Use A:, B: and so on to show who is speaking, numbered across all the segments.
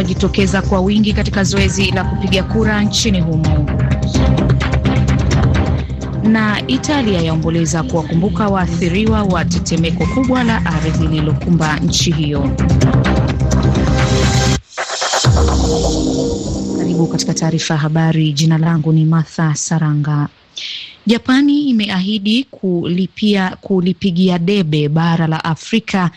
A: wanaojitokeza kwa wingi katika zoezi la kupiga kura nchini humo. Na Italia yaomboleza kuwakumbuka waathiriwa wa tetemeko kubwa la ardhi lililokumba nchi hiyo. Karibu katika taarifa ya habari. Jina langu ni Martha Saranga. Japani imeahidi kulipia kulipigia debe bara la Afrika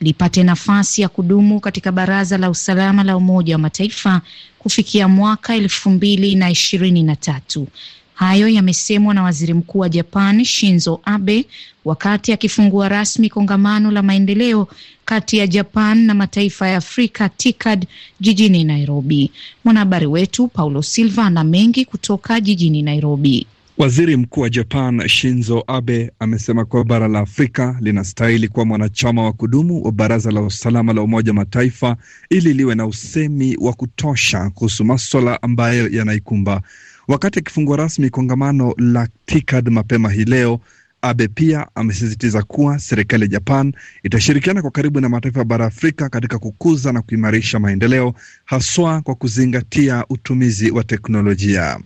A: lipate nafasi ya kudumu katika Baraza la Usalama la Umoja wa Mataifa kufikia mwaka elfu mbili na ishirini na tatu. Hayo yamesemwa na waziri mkuu wa Japan Shinzo Abe wakati akifungua rasmi kongamano la maendeleo kati ya Japan na mataifa ya Afrika TICAD jijini Nairobi. Mwanahabari wetu Paulo Silva ana mengi kutoka jijini Nairobi.
B: Waziri Mkuu wa Japan Shinzo Abe amesema kuwa bara la Afrika linastahili kuwa mwanachama wa kudumu wa Baraza la Usalama la Umoja Mataifa ili liwe na usemi wa kutosha kuhusu maswala ambayo yanaikumba. Wakati akifungua rasmi kongamano la TICAD mapema hii leo, Abe pia amesisitiza kuwa serikali ya Japan itashirikiana kwa karibu na mataifa ya bara Afrika katika kukuza na kuimarisha maendeleo haswa kwa kuzingatia utumizi wa teknolojia.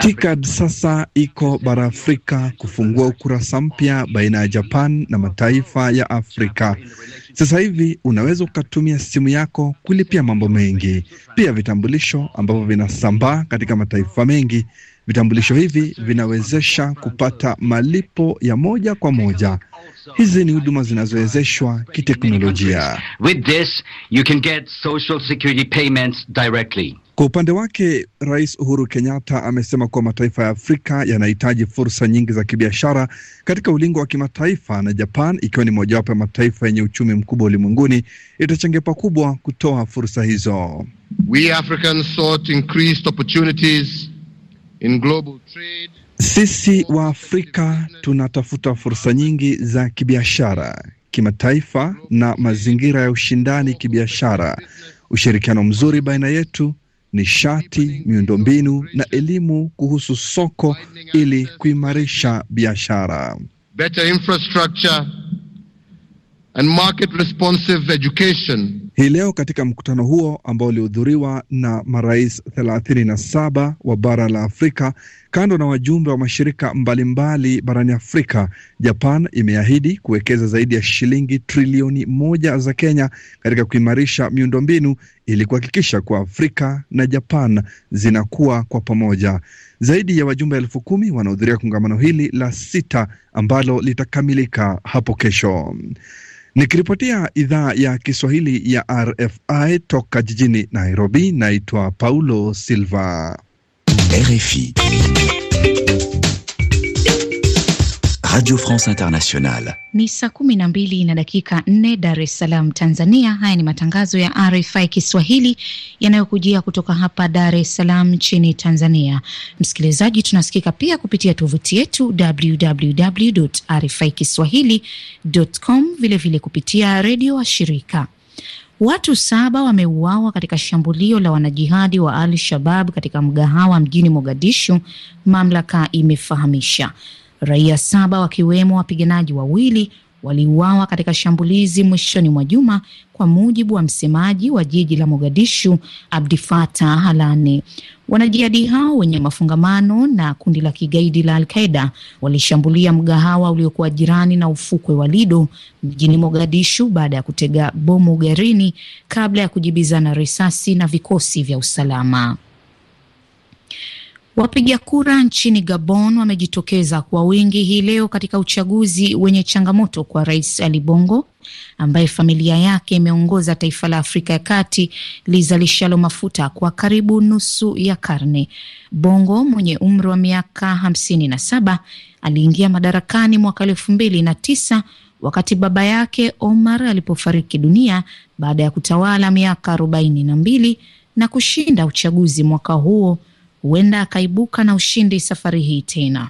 C: TICAD sasa
B: iko bara Afrika, kufungua ukurasa mpya baina ya Japan na mataifa ya Afrika. Sasa hivi unaweza ukatumia simu yako kulipia mambo mengi, pia vitambulisho ambavyo vinasambaa katika mataifa mengi. Vitambulisho hivi vinawezesha kupata malipo ya moja kwa moja. Hizi ni huduma zinazowezeshwa kiteknolojia.
C: With this you can get social security payments directly.
B: Kwa upande wake, Rais Uhuru Kenyatta amesema kuwa mataifa ya Afrika yanahitaji fursa nyingi za kibiashara katika ulingo wa kimataifa, na Japan ikiwa ni mojawapo ya mataifa yenye uchumi mkubwa ulimwenguni itachangia pakubwa kutoa fursa hizo.
D: We Africans sought increased opportunities in global trade.
B: Sisi wa Afrika tunatafuta fursa nyingi za kibiashara kimataifa na mazingira ya ushindani kibiashara. Ushirikiano mzuri baina yetu nishati, miundombinu na elimu kuhusu soko ili kuimarisha biashara.
D: Better infrastructure
B: and market responsive education hii leo katika mkutano huo ambao ulihudhuriwa na marais thelathini na saba wa bara la Afrika, kando na wajumbe wa mashirika mbalimbali mbali barani Afrika, Japan imeahidi kuwekeza zaidi ya shilingi trilioni moja za Kenya katika kuimarisha miundombinu ili kuhakikisha kuwa Afrika na Japan zinakuwa kwa pamoja. Zaidi ya wajumbe elfu kumi wanahudhuria kongamano hili la sita ambalo litakamilika hapo kesho. Nikiripotia idhaa ya Kiswahili ya RFI toka jijini Nairobi, naitwa Paulo Silva, RFI. Radio France Internationale.
A: Ni saa kumi na mbili na dakika nne Dar es Salaam, Tanzania. Haya ni matangazo ya RFI Kiswahili yanayokujia kutoka hapa Dar es Salaam nchini Tanzania. Msikilizaji, tunasikika pia kupitia tovuti yetu www RFI kiswahilicom, vilevile kupitia redio wa shirika Watu saba wameuawa katika shambulio la wanajihadi wa Al Shabab katika mgahawa mjini Mogadishu, mamlaka imefahamisha. Raia saba wakiwemo wapiganaji wawili waliuawa katika shambulizi mwishoni mwa juma, kwa mujibu wa msemaji wa jiji la Mogadishu, Abdi Fatah Halane. Wanajihadi hao wenye mafungamano na kundi la kigaidi la Alqaida walishambulia mgahawa uliokuwa jirani na ufukwe wa Lido mjini Mogadishu baada ya kutega bomu garini kabla ya kujibizana risasi na vikosi vya usalama. Wapiga kura nchini Gabon wamejitokeza kwa wingi hii leo katika uchaguzi wenye changamoto kwa Rais Ali Bongo ambaye familia yake imeongoza taifa la Afrika ya Kati lizalishalo mafuta kwa karibu nusu ya karne. Bongo mwenye umri wa miaka saba aliingia madarakani mwaka elfu mbili na tisa wakati baba yake Omar alipofariki dunia baada ya kutawala miaka mbili na kushinda uchaguzi mwaka huo huenda akaibuka na ushindi safari hii tena.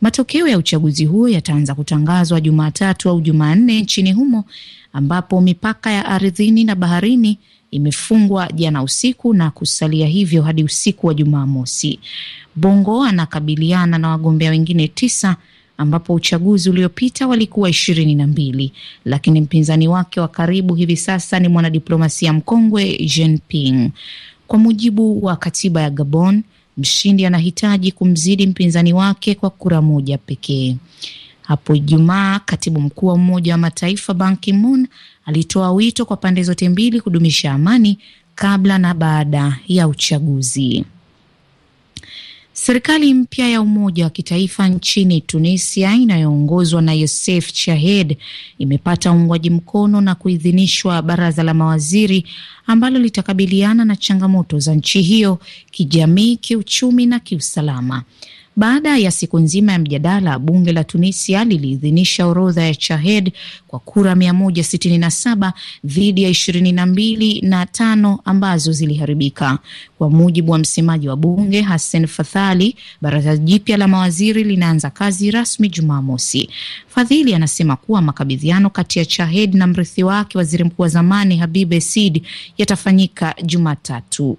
A: Matokeo ya uchaguzi huo yataanza kutangazwa Jumatatu au Jumanne nchini humo, ambapo mipaka ya ardhini na baharini imefungwa jana usiku na kusalia hivyo hadi usiku wa Jumamosi. Bongo anakabiliana na wagombea wengine tisa ambapo uchaguzi uliopita walikuwa ishirini na mbili, lakini mpinzani wake wa karibu hivi sasa ni mwanadiplomasia mkongwe Jean Ping. Kwa mujibu wa katiba ya Gabon, Mshindi anahitaji kumzidi mpinzani wake kwa kura moja pekee. Hapo Ijumaa, katibu mkuu wa Umoja wa Mataifa Ban Ki-moon alitoa wito kwa pande zote mbili kudumisha amani kabla na baada ya uchaguzi. Serikali mpya ya umoja wa kitaifa nchini Tunisia inayoongozwa na yosef Chahed imepata uungwaji mkono na kuidhinishwa baraza la mawaziri ambalo litakabiliana na changamoto za nchi hiyo kijamii, kiuchumi na kiusalama. Baada ya siku nzima ya mjadala, bunge la Tunisia liliidhinisha orodha ya Chahed kwa kura 167 dhidi ya 22 na tano ambazo ziliharibika. Kwa mujibu wa msemaji wa bunge Hassen Fadhali, baraza jipya la mawaziri linaanza kazi rasmi Jumamosi. Fadhili anasema kuwa makabidhiano kati ya Chahed na mrithi wake waziri mkuu wa zamani Habib Esid yatafanyika Jumatatu.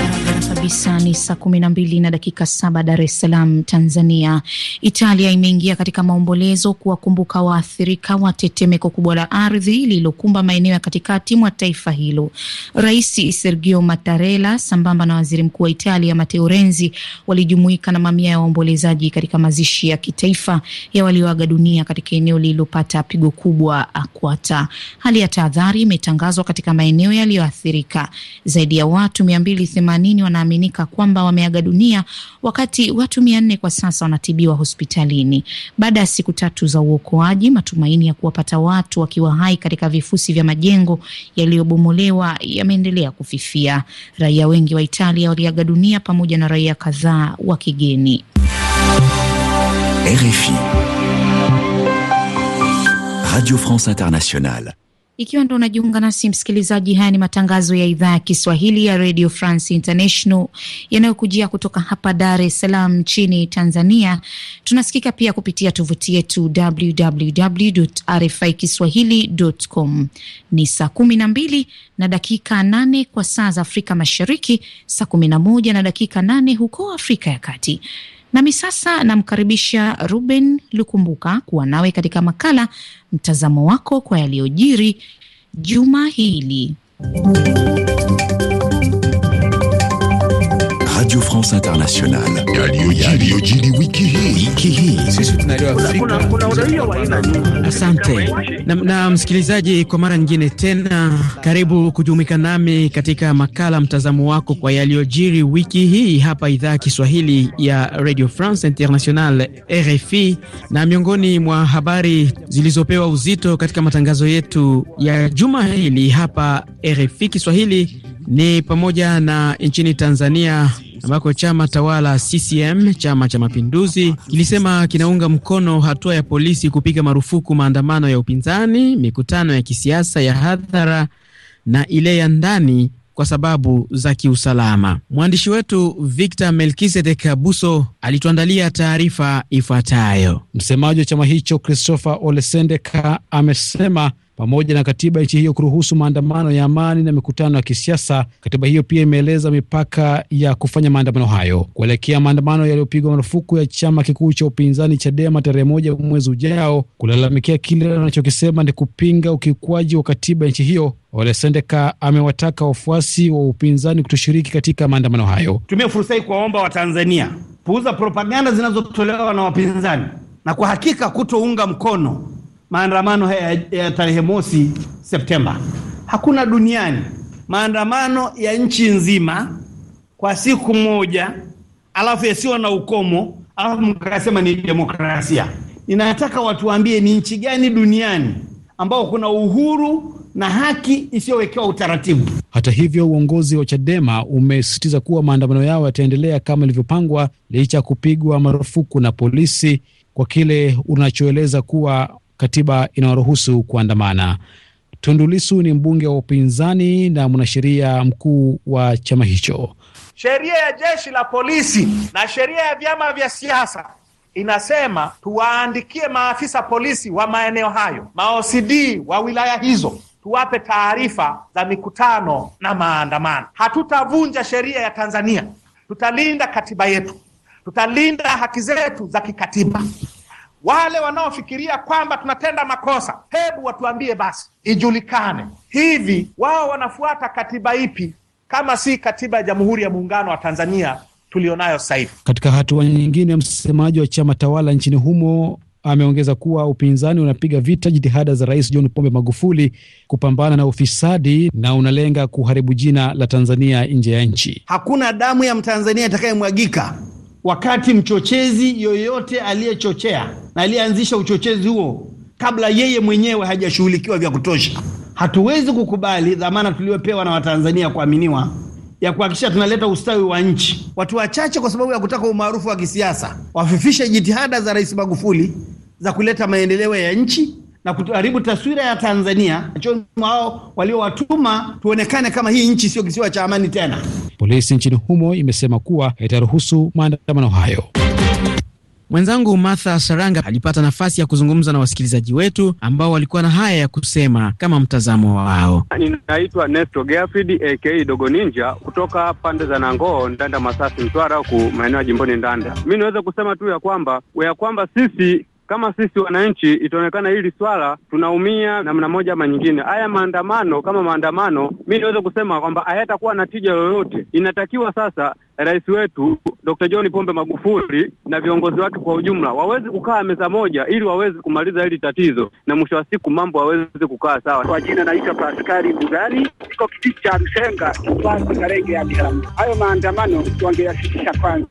A: kabisa ni saa kumi na mbili na dakika saba Dar es Salaam, Tanzania. Italia imeingia katika maombolezo kuwakumbuka waathirika wa tetemeko kubwa la ardhi lililokumba maeneo ya katikati mwa taifa hilo. Rais Sergio Mattarella sambamba na waziri mkuu wa Italia Matteo Renzi walijumuika na mamia ya waombolezaji katika mazishi ya kitaifa ya walioaga dunia katika eneo lililopata pigo kubwa Akwata. Hali ya tahadhari imetangazwa katika maeneo yaliyoathirika. Zaidi ya watu mia mbili themanini wanaamini wanaaminika kwamba wameaga dunia, wakati watu mia nne kwa sasa wanatibiwa hospitalini. Baada ya siku tatu za uokoaji, matumaini ya kuwapata watu wakiwa hai katika vifusi vya majengo yaliyobomolewa yameendelea kufifia. Raia wengi wa Italia waliaga dunia pamoja na raia kadhaa wa kigeni.
E: RFI Radio France Internationale.
A: Ikiwa ndo unajiunga nasi msikilizaji, haya ni matangazo ya idhaa ya Kiswahili ya Radio France International yanayokujia kutoka hapa Dar es Salaam nchini Tanzania. Tunasikika pia kupitia tovuti yetu www RFI kiswahilicom. Ni saa kumi na mbili na dakika nane kwa saa za Afrika Mashariki, saa kumi na moja na dakika nane huko Afrika ya Kati. Nami sasa namkaribisha Ruben Lukumbuka kuwa nawe katika makala mtazamo wako kwa yaliyojiri juma hili.
E: Radio France Internationale. wiki Wiki
F: Sisi tunaelewa Afrika. Asante. Na, na msikilizaji, kwa mara nyingine tena karibu kujumuika nami katika makala mtazamo wako kwa yaliyojiri wiki hii hapa idhaa Kiswahili ya Radio France Internationale RFI, na miongoni mwa habari zilizopewa uzito katika matangazo yetu ya juma hili hapa RFI Kiswahili ni pamoja na nchini Tanzania ambako chama tawala CCM, Chama cha Mapinduzi, kilisema kinaunga mkono hatua ya polisi kupiga marufuku maandamano ya upinzani, mikutano ya kisiasa ya hadhara na ile ya ndani kwa sababu za kiusalama. Mwandishi wetu Victor Melkisedek Abuso alituandalia taarifa ifuatayo. Msemaji wa chama hicho Christopher Olesendeka amesema pamoja
G: na katiba nchi hiyo kuruhusu maandamano ya amani na mikutano ya kisiasa. Katiba hiyo pia imeeleza mipaka ya kufanya maandamano hayo. Kuelekea maandamano yaliyopigwa marufuku ya chama kikuu cha upinzani Chadema tarehe moja mwezi ujao, kulalamikia kile wanachokisema ni kupinga ukiukwaji wa katiba ya nchi hiyo, Ole Sendeka amewataka wafuasi wa upinzani kutoshiriki katika maandamano hayo.
C: Tumia fursa hii kuwaomba Watanzania puuza propaganda zinazotolewa na wapinzani na kwa hakika kutounga mkono maandamano ya tarehe mosi Septemba. Hakuna duniani maandamano ya nchi nzima kwa siku moja, alafu yasiwa na ukomo, alafu mkasema ni demokrasia. Ninataka watuambie ni nchi gani duniani ambao kuna uhuru na haki isiyowekewa utaratibu.
G: Hata hivyo, uongozi wa Chadema umesisitiza kuwa maandamano yao yataendelea kama ilivyopangwa licha ya kupigwa marufuku na polisi kwa kile unachoeleza kuwa katiba inayoruhusu kuandamana. tundulisu ni mbunge wa upinzani na mwanasheria mkuu wa chama hicho.
C: Sheria ya jeshi la polisi na sheria ya vyama vya siasa inasema tuwaandikie maafisa polisi wa maeneo hayo, maOCD wa wilaya hizo, tuwape taarifa za mikutano na maandamano. Hatutavunja sheria ya Tanzania, tutalinda katiba yetu, tutalinda haki zetu za kikatiba. Wale wanaofikiria kwamba tunatenda makosa, hebu watuambie basi, ijulikane hivi wao wanafuata katiba ipi kama si katiba ya Jamhuri ya Muungano wa Tanzania tulionayo sasa hivi?
G: Katika hatua nyingine, msemaji wa chama tawala nchini humo ameongeza kuwa upinzani unapiga vita jitihada za Rais John Pombe Magufuli kupambana na ufisadi na unalenga kuharibu jina la Tanzania nje ya nchi.
C: Hakuna damu ya Mtanzania itakayemwagika wakati mchochezi yoyote aliyechochea na aliyeanzisha uchochezi huo kabla yeye mwenyewe hajashughulikiwa vya kutosha. Hatuwezi kukubali dhamana tuliyopewa na Watanzania kuaminiwa ya kuhakikisha tunaleta ustawi wa nchi. Watu wachache kwa sababu ya kutaka umaarufu wa kisiasa wafifishe jitihada za Rais Magufuli za kuleta maendeleo ya nchi na kuharibu taswira ya Tanzania machoni wao waliowatuma tuonekane kama hii nchi sio kisiwa cha amani tena.
G: Polisi
F: nchini humo imesema kuwa itaruhusu maandamano hayo. Mwenzangu Martha Saranga alipata nafasi ya kuzungumza na wasikilizaji wetu ambao walikuwa na haya ya kusema kama mtazamo wao.
G: Ninaitwa Nesto Geafid ak Dogo Ninja kutoka pande za Nangoo, Ndanda, Masasi, Mtwara, huku maeneo ya jimboni Ndanda. Mi naweza kusema tu ya kwamba ya kwamba sisi kama sisi wananchi itaonekana hili swala tunaumia namna moja ama nyingine. Haya maandamano kama maandamano, mi niweze kusema kwamba hayatakuwa na tija yoyote. Inatakiwa sasa rais wetu Dr. John Pombe Magufuli na viongozi wake kwa ujumla waweze kukaa meza moja ili waweze kumaliza hili tatizo, na mwisho wa siku mambo waweze kukaa sawa. Kwa jina naitwa
H: Paskari Bugari, iko kijiji cha Msenga, Karege ya Biharamulo. Hayo maandamano tungeyasitisha kwanza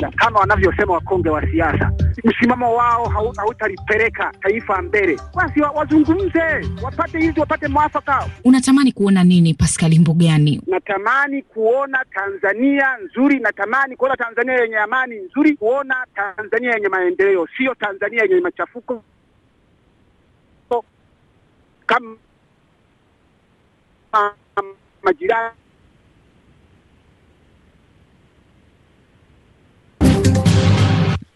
H: na kama wanavyosema wakonge wa siasa, msimamo wao hautalipeleka taifa mbele.
A: Basi wazungumze, wapate hizi, wapate mwafaka. Unatamani kuona nini, Paskali Mbugani?
H: Natamani kuona Tanzania nzuri, natamani kuona Tanzania yenye amani nzuri, kuona Tanzania yenye maendeleo, sio Tanzania yenye machafuko kama majirani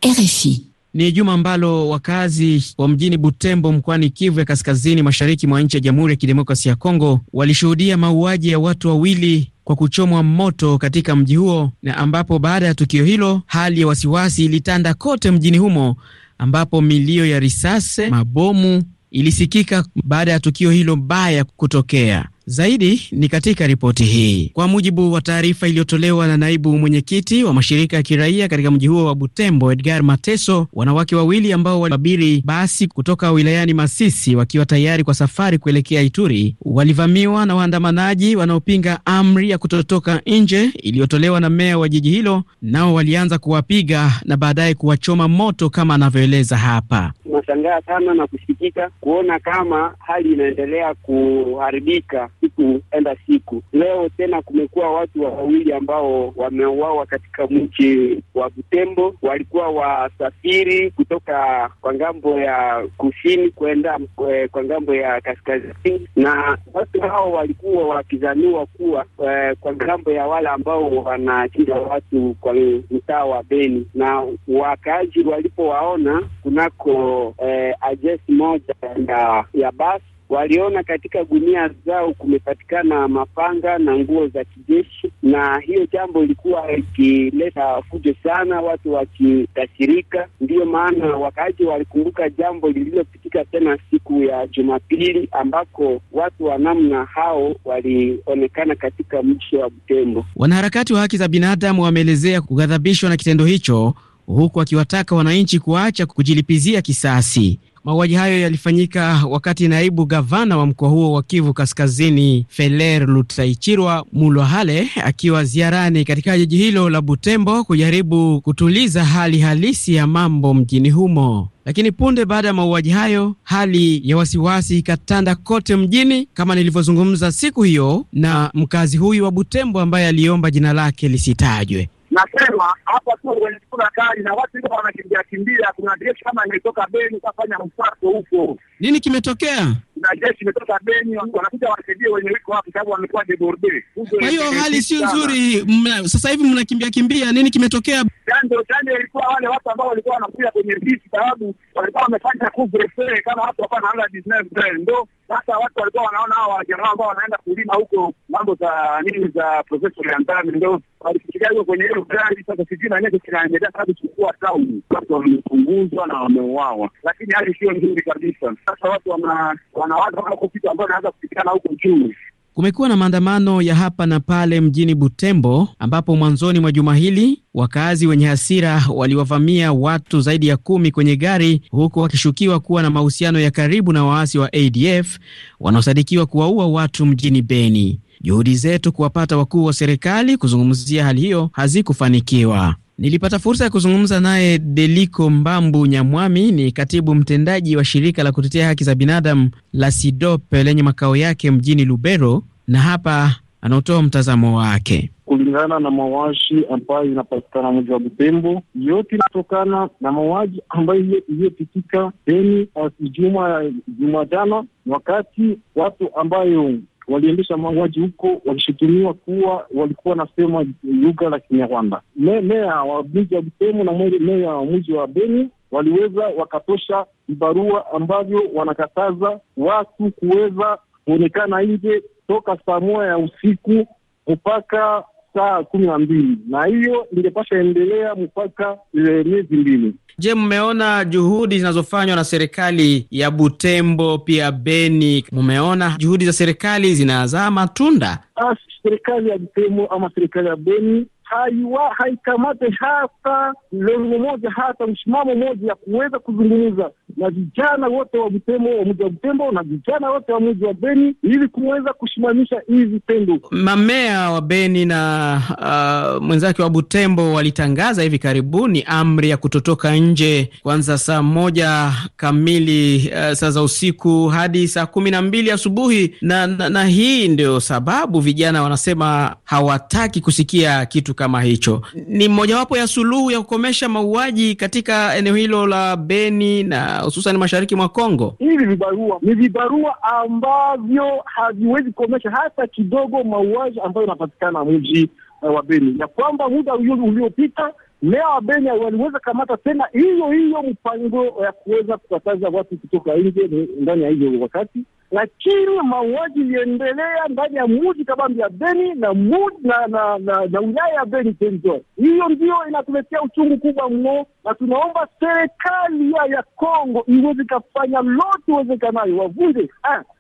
A: RFI.
F: Ni juma ambalo wakazi wa mjini Butembo mkoani Kivu ya kaskazini mashariki mwa nchi ya Jamhuri ya Kidemokrasia ya Kongo walishuhudia mauaji ya watu wawili kwa kuchomwa moto katika mji huo, na ambapo baada ya tukio hilo hali ya wasiwasi ilitanda kote mjini humo, ambapo milio ya risasi, mabomu ilisikika baada ya tukio hilo baya kutokea. Zaidi ni katika ripoti hii. Kwa mujibu wa taarifa iliyotolewa na naibu mwenyekiti wa mashirika ya kiraia katika mji huo wa Butembo, Edgar Mateso, wanawake wawili ambao waliabiri basi kutoka wilayani Masisi wakiwa tayari kwa safari kuelekea Ituri walivamiwa na waandamanaji wanaopinga amri ya kutotoka nje iliyotolewa na meya wa jiji hilo, nao walianza kuwapiga na baadaye kuwachoma moto kama anavyoeleza hapa.
H: Tunashangaa sana na kusikitika kuona kama hali inaendelea kuharibika siku enda siku. Leo tena kumekuwa watu wawili ambao wameuawa katika mji wa Butembo, walikuwa wasafiri kutoka kwa ngambo ya kusini kwenda eh, kwa ngambo ya kaskazini, na watu hao walikuwa wakizaniwa kuwa eh, kwa ngambo ya wale ambao wanachinja watu kwa mtaa wa Beni, na wakaaji walipowaona kunako eh, ajesi moja ya, ya basi waliona katika gunia zao kumepatikana mapanga na nguo za kijeshi, na hiyo jambo ilikuwa ikileta fujo sana, watu wakitashirika Ndiyo maana wakaaji walikumbuka jambo lililopitika tena siku ya Jumapili, ambako watu wa namna hao walionekana katika mji wa Butembo.
F: Wanaharakati wa haki za binadamu wameelezea kughadhabishwa na kitendo hicho, huku wakiwataka wananchi kuacha kujilipizia kisasi. Mauaji hayo yalifanyika wakati naibu gavana wa mkoa huo wa Kivu Kaskazini, Feler Lutaichirwa Mulwahale, akiwa ziarani katika jiji hilo la Butembo kujaribu kutuliza hali halisi ya mambo mjini humo. Lakini punde baada ya mauaji hayo, hali ya wasiwasi ikatanda kote mjini, kama nilivyozungumza siku hiyo na mkazi huyu wa Butembo ambaye aliomba jina lake lisitajwe
H: nasema hapa tu kuna kali na watu ndio wanakimbia kimbia, kuna kama imetoka Beni kafanya msako huko. Nini kimetokea? na jeshi imetoka Beni, wanakuja wasaidie wenye wiko hapo, sababu wamekuwa deborde. Kwa hiyo hali sio nzuri. Sasa hivi mnakimbia kimbia, nini kimetokea? Chanjo chanjo ilikuwa wale watu ambao walikuwa wanakuja kwenye bisi, sababu walikuwa wamefanya kuvrefe kama watu walikuwa wanaanza business plan, ndo sasa watu walikuwa wanaona hao wajamaa ambao wanaenda kulima huko mambo za nini za profesa ya ndani, ndo walifikiria hiyo kwenye hiyo gari. Sasa sijui na nini kinaendelea, sababu chukua town watu wamepunguzwa na wameuawa, lakini hali sio nzuri kabisa. Sasa watu wana wanawake kupita ambao wanaweza
F: kupitikana huko juu. Kumekuwa na maandamano ya hapa na pale mjini Butembo, ambapo mwanzoni mwa juma hili wakazi wenye hasira waliwavamia watu zaidi ya kumi kwenye gari, huku wakishukiwa kuwa na mahusiano ya karibu na waasi wa ADF wanaosadikiwa kuwaua watu mjini Beni. Juhudi zetu kuwapata wakuu wa serikali kuzungumzia hali hiyo hazikufanikiwa. Nilipata fursa ya kuzungumza naye Deliko Mbambu Nyamwami, ni katibu mtendaji wa shirika la kutetea haki za binadamu la Sidope lenye makao yake mjini Lubero, na hapa anaotoa mtazamo wake.
H: Kulingana na mawashi ambayo inapatikana mji wa Butembo, yote inatokana na mauaji ambayo iliyopitika Beni ah, juma juma jana, wakati watu ambayo waliendesha mauaji huko wakishutumiwa kuwa walikuwa wanasema lugha la Kinyarwanda. Meya wa mji wa Busemu na meya wa mji wa Beni waliweza wakatosha vibarua ambavyo wanakataza watu kuweza kuonekana nje toka saa moja ya usiku mpaka saa kumi na mbili na hiyo ingepasha endelea mpaka eh, miezi mbili.
F: Je, mmeona juhudi zinazofanywa na serikali ya Butembo pia Beni? Mmeona juhudi za serikali zinazaa matunda?
H: Ah, serikali ya Butembo ama serikali ya Beni haiwa haikamate hata lengo moja, hata msimamo moja ya kuweza kuzungumza na vijana wote wa Butembo, wa mji wa Butembo na vijana wote wa mji wa Beni ili kuweza kusimamisha hii vitendo.
F: Mamea wa Beni na uh, mwenzake wa Butembo walitangaza hivi karibuni amri ya kutotoka nje kwanza saa moja kamili uh, saa za usiku hadi saa kumi na mbili asubuhi na, na, na hii ndio sababu vijana wanasema hawataki kusikia kitu kitu kama hicho. Ni mojawapo ya suluhu ya kukomesha mauaji katika eneo hilo la Beni na hususan mashariki mwa Kongo. Hivi vibarua ni vibarua ambavyo
H: haviwezi kukomesha hata kidogo mauaji ambayo yanapatikana mji eh, wa Beni, ya kwamba muda uliopita meya wa Beni waliweza kamata tena hiyo hiyo mpango ya kuweza kukataza watu kutoka nje ndani ya hiyo wakati, lakini mauaji iliendelea ndani ya muji kabambi ya Beni na muji na, na, na, na wilaya ya Beni territory. Hiyo ndio inatuletea uchungu kubwa mno, na tunaomba serikali ya Kongo iweze kafanya lote iwezekanayo wavunje ah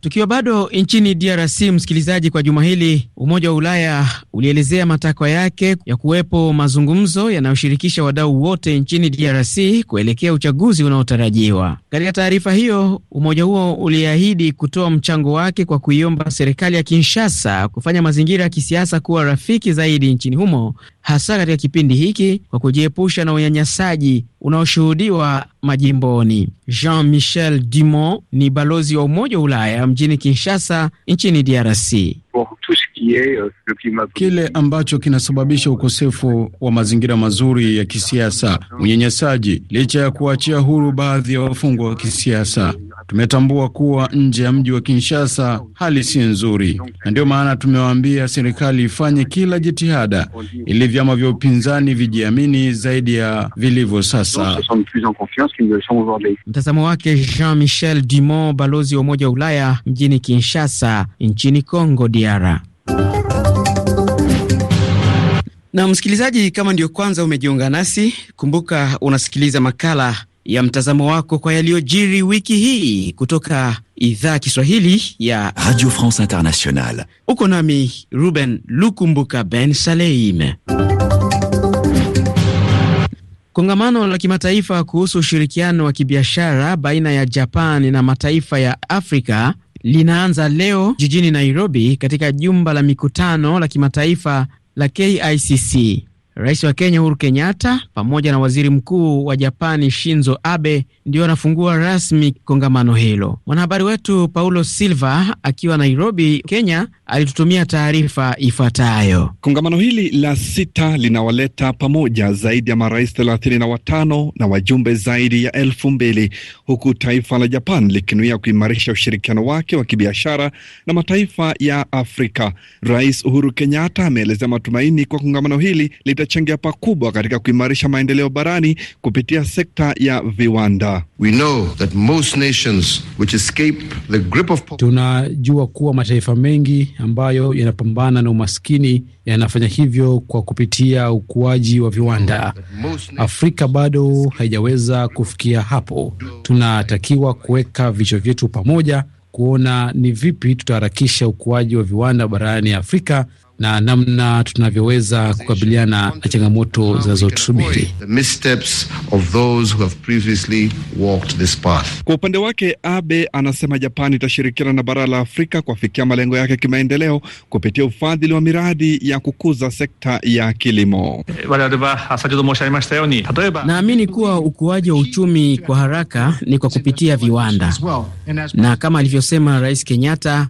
F: Tukiwa bado nchini DRC, msikilizaji, kwa juma hili Umoja wa Ulaya ulielezea matakwa yake ya kuwepo mazungumzo yanayoshirikisha wadau wote nchini DRC kuelekea uchaguzi unaotarajiwa. Katika taarifa hiyo, umoja huo uliahidi kutoa mchango wake kwa kuiomba serikali ya Kinshasa kufanya mazingira ya kisiasa kuwa rafiki zaidi nchini humo, hasa katika kipindi hiki, kwa kujiepusha na unyanyasaji unaoshuhudiwa majimboni. Jean-Michel Dumont ni balozi wa Umoja wa Ulaya mjini Kinshasa nchini DRC pour
C: tout ce qui est euh, le climat. Kile ambacho kinasababisha
D: ukosefu wa mazingira mazuri ya kisiasa, unyanyasaji, licha ya kuachia huru baadhi ya wafungwa wa kisiasa. Tumetambua kuwa nje ya mji wa Kinshasa hali
C: si nzuri, na ndio maana tumewaambia serikali ifanye kila jitihada ili vyama vya upinzani vijiamini zaidi ya vilivyo sasa.
F: Mtazamo wake Jean Michel Dumont, balozi wa Umoja wa Ulaya mjini Kinshasa nchini Kongo ziara. Na msikilizaji, kama ndio kwanza umejiunga nasi, kumbuka unasikiliza makala ya mtazamo wako kwa yaliyojiri wiki hii kutoka idhaa Kiswahili ya Radio
E: France Internationale.
F: Uko nami Ruben Lukumbuka Ben Saleim. Kongamano la kimataifa kuhusu ushirikiano wa kibiashara baina ya Japan na mataifa ya Afrika linaanza leo jijini Nairobi katika jumba la mikutano la kimataifa la KICC. Rais wa Kenya Uhuru Kenyatta pamoja na waziri mkuu wa Japani Shinzo Abe ndio wanafungua rasmi kongamano hilo. Mwanahabari wetu Paulo Silva akiwa Nairobi, Kenya, alitutumia taarifa ifuatayo.
B: Kongamano hili la sita linawaleta pamoja zaidi ya marais thelathini na watano na wajumbe zaidi ya elfu mbili huku taifa la Japan likinuia kuimarisha ushirikiano wake wa kibiashara na mataifa ya Afrika. Rais Uhuru Kenyatta ameelezea matumaini kwa kongamano hili imechangia pakubwa katika kuimarisha maendeleo barani kupitia sekta ya viwanda. We know that most nations which escape the grip of... tunajua kuwa
G: mataifa mengi ambayo yanapambana na umaskini yanafanya hivyo kwa kupitia ukuaji wa viwanda. Afrika bado haijaweza kufikia hapo. Tunatakiwa kuweka vichwa vyetu pamoja kuona ni vipi tutaharakisha ukuaji wa viwanda barani Afrika na namna tunavyoweza kukabiliana na changamoto zinazotusubiri.
B: Kwa upande wake, Abe anasema Japani itashirikiana na bara la Afrika kuafikia malengo yake kimaendeleo kupitia ufadhili wa miradi ya kukuza sekta ya kilimo. Naamini kuwa ukuaji wa uchumi kwa
F: haraka ni kwa kupitia viwanda, na kama alivyosema Rais Kenyatta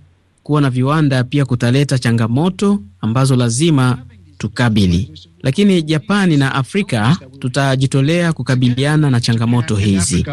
F: kuwa na viwanda pia kutaleta changamoto ambazo lazima tukabili, lakini Japani na Afrika tutajitolea kukabiliana na changamoto hizi.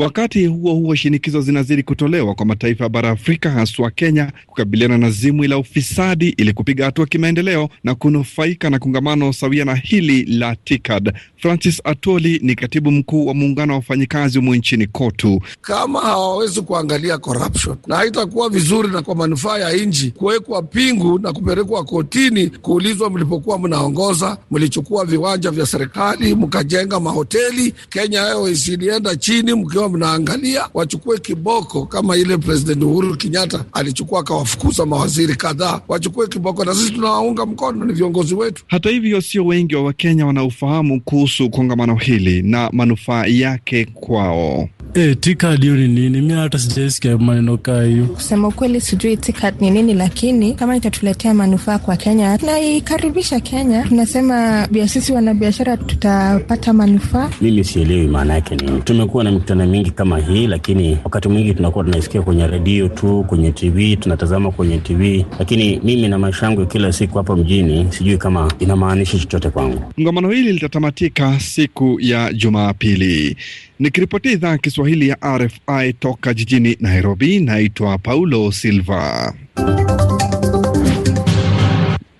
B: Wakati huo huo, shinikizo zinazidi kutolewa kwa mataifa ya bara Afrika, haswa Kenya, kukabiliana na zimwi la ufisadi ili kupiga hatua kimaendeleo na kunufaika na kongamano sawia na hili la TICAD. Francis Atoli ni katibu mkuu wa muungano wa wafanyikazi humu nchini KOTU.
C: Kama hawawezi kuangalia corruption, na haitakuwa vizuri na kwa manufaa ya nchi kuwekwa pingu na kupelekwa kotini kuulizwa, mlipokuwa mnaongoza mlichukua viwanja vya serikali mkajenga mahoteli Kenya, ayo isilienda chini mkiwa mnaangalia wachukue kiboko kama ile President Uhuru Kenyatta alichukua akawafukuza mawaziri kadhaa, wachukue kiboko na sisi tunawaunga
B: mkono, ni viongozi wetu. Hata hivyo, sio wengi wa Wakenya wanaofahamu kuhusu kongamano hili na manufaa yake kwao.
C: E, eh, tikad hiyo ni nini? Mi hata sijaisikia
G: maneno kaa hiyo.
A: Kusema ukweli, sijui tikad ni nini, lakini kama itatuletea manufaa kwa Kenya, tunaikaribisha Kenya. Tunasema sisi wanabiashara tutapata manufaa.
C: Mimi sielewi maana yake nini. Tumekuwa na mikutano mingi mingi kama hii, lakini wakati mwingi tunakuwa tunaisikia kwenye redio tu, kwenye TV tunatazama kwenye TV, lakini mimi na maisha yangu kila siku hapa mjini, sijui kama inamaanisha chochote kwangu.
B: Kongamano hili litatamatika siku ya Jumapili. Nikiripotia idhaa ya Kiswahili ya RFI toka jijini Nairobi, naitwa Paulo Silva.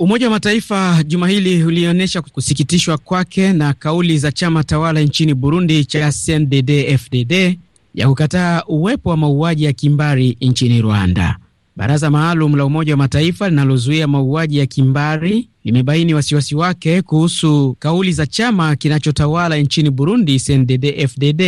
F: Umoja wa Mataifa juma hili ulionyesha kusikitishwa kwake na kauli za chama tawala nchini Burundi cha CNDD FDD ya kukataa uwepo wa mauaji ya kimbari nchini Rwanda. Baraza maalum la Umoja wa Mataifa linalozuia mauaji ya kimbari limebaini wasiwasi wake kuhusu kauli za chama kinachotawala nchini Burundi, CNDD FDD.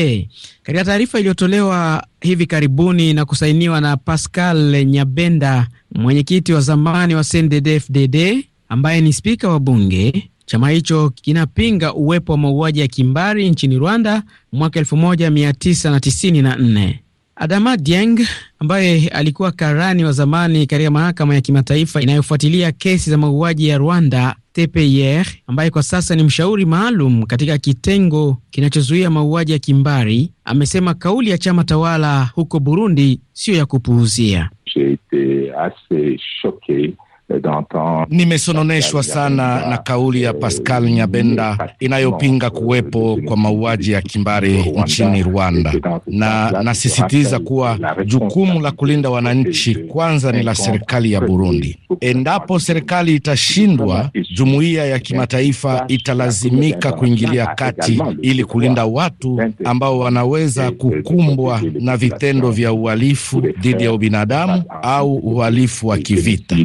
F: Katika taarifa iliyotolewa hivi karibuni na kusainiwa na Pascal Nyabenda, Mwenyekiti wa zamani wa CNDD-FDD ambaye ni spika wa bunge. Chama hicho kinapinga uwepo wa mauaji ya kimbari nchini Rwanda mwaka 1994. Adama Dieng ambaye alikuwa karani wa zamani katika mahakama ya kimataifa inayofuatilia kesi za mauaji ya Rwanda TPIR, e ambaye kwa sasa ni mshauri maalum katika kitengo kinachozuia mauaji ya kimbari, amesema kauli ya chama tawala huko Burundi siyo ya kupuuzia.
D: j'ai été assez choqué Eh,
F: Nimesononeshwa
D: sana na kauli ya eh, Pascal Nyabenda inayopinga eh, kuwepo kwa mauaji ya kimbari nchini Rwanda, na nasisitiza kuwa jukumu la kulinda wananchi kwanza ni la serikali ya Burundi. Endapo serikali itashindwa, jumuiya ya kimataifa italazimika kuingilia kati ili kulinda watu ambao wanaweza euh, kukumbwa na vitendo vya uhalifu dhidi ya ubinadamu au uhalifu wa kivita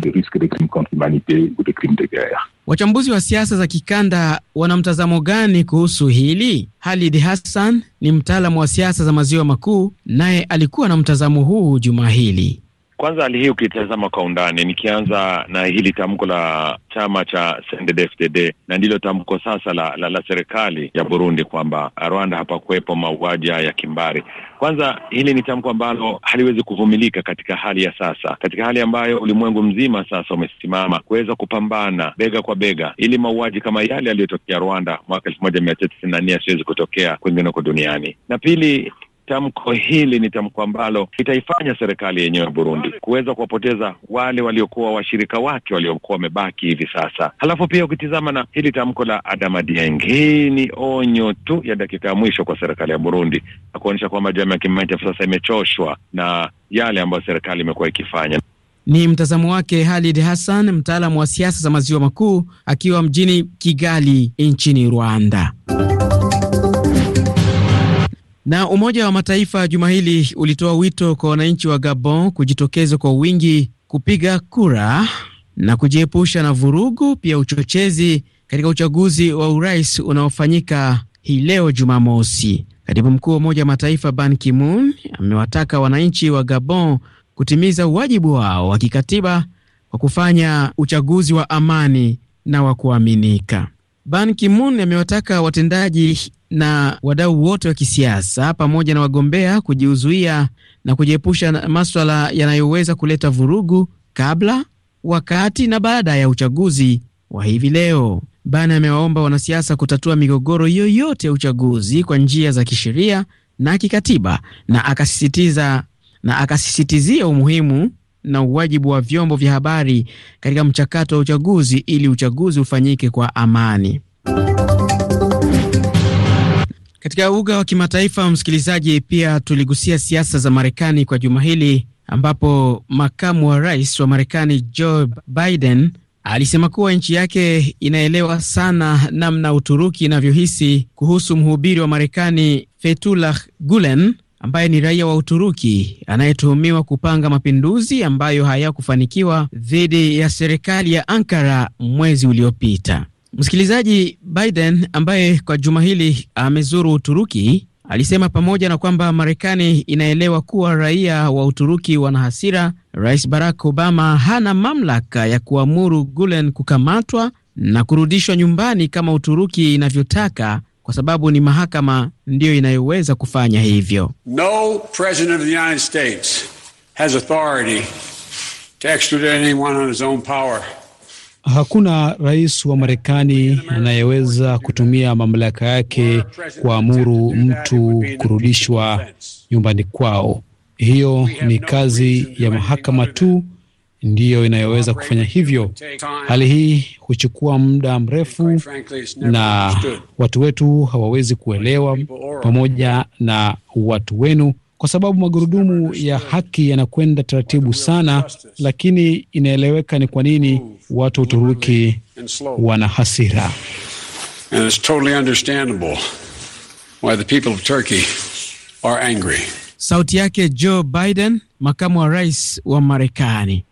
D: crimes contre l'humanité ou des crimes
H: de guerre.
F: Wachambuzi wa siasa za kikanda wana mtazamo gani kuhusu hili? Halid Hassan ni mtaalamu wa siasa za maziwa makuu, naye alikuwa na mtazamo huu juma hili.
H: Kwanza hali hii ukitazama kwa undani, nikianza na hili tamko la chama cha CNDD-FDD na ndilo tamko sasa la, la, la serikali ya Burundi kwamba Rwanda hapakuwepo mauaji ya kimbari. Kwanza hili ni tamko ambalo haliwezi kuvumilika katika hali ya sasa, katika hali ambayo ulimwengu mzima sasa umesimama kuweza kupambana bega kwa bega ili mauaji kama yale yaliyotokea Rwanda mwaka elfu moja mia tisa tisini na nne yasiwezi kutokea kwingineko duniani. Na pili tamko hili ni tamko ambalo litaifanya serikali yenyewe ya Burundi kuweza kuwapoteza wale waliokuwa washirika wake waliokuwa wamebaki hivi sasa. Halafu pia ukitizama na hili tamko la Adama Dieng, hii ni onyo tu ya dakika ya mwisho kwa serikali ya Burundi na kuonyesha kwamba jamii ya kimataifa sasa imechoshwa na yale
E: ambayo serikali imekuwa ikifanya.
F: Ni mtazamo wake Halid Hassan, mtaalamu wa siasa za maziwa makuu, akiwa mjini Kigali nchini Rwanda. Na Umoja wa Mataifa juma hili ulitoa wito kwa wananchi wa Gabon kujitokeza kwa wingi kupiga kura na kujiepusha na vurugu, pia uchochezi katika uchaguzi wa urais unaofanyika hii leo Jumamosi. Katibu mkuu wa Umoja wa Mataifa Ban Ki-moon amewataka wananchi wa Gabon kutimiza wajibu wao wa kikatiba kwa kufanya uchaguzi wa amani na wa kuaminika. Ban Ki-moon amewataka watendaji na wadau wote wa kisiasa pamoja na wagombea kujiuzuia na kujiepusha maswala yanayoweza kuleta vurugu kabla, wakati na baada ya uchaguzi wa hivi leo. Bana amewaomba wanasiasa kutatua migogoro yoyote ya uchaguzi kwa njia za kisheria na kikatiba, na akasisitiza na akasisitizia umuhimu na uwajibu wa vyombo vya habari katika mchakato wa uchaguzi ili uchaguzi ufanyike kwa amani. Katika uga wa kimataifa, msikilizaji, pia tuligusia siasa za Marekani kwa juma hili, ambapo makamu wa rais wa Marekani Joe Biden alisema kuwa nchi yake inaelewa sana namna Uturuki inavyohisi kuhusu mhubiri wa Marekani Fethullah Gulen ambaye ni raia wa Uturuki anayetuhumiwa kupanga mapinduzi ambayo hayakufanikiwa dhidi ya serikali ya Ankara mwezi uliopita. Msikilizaji, Biden ambaye kwa juma hili amezuru Uturuki alisema pamoja na kwamba Marekani inaelewa kuwa raia wa Uturuki wana hasira, Rais Barack Obama hana mamlaka ya kuamuru Gulen kukamatwa na kurudishwa nyumbani kama Uturuki inavyotaka kwa sababu ni mahakama ndiyo inayoweza kufanya hivyo.
H: No president of the United States has authority to extradite anyone on his own power.
F: Hakuna
G: rais wa Marekani anayeweza kutumia mamlaka yake kuamuru mtu kurudishwa nyumbani kwao. Hiyo ni kazi ya mahakama tu ndiyo inayoweza kufanya hivyo. Hali hii huchukua muda mrefu, na watu wetu hawawezi kuelewa, pamoja na watu wenu kwa sababu magurudumu ya haki yanakwenda taratibu sana, lakini inaeleweka ni kwa nini watu wa Uturuki wana hasira.
F: Sauti yake Joe Biden, makamu wa rais wa Marekani.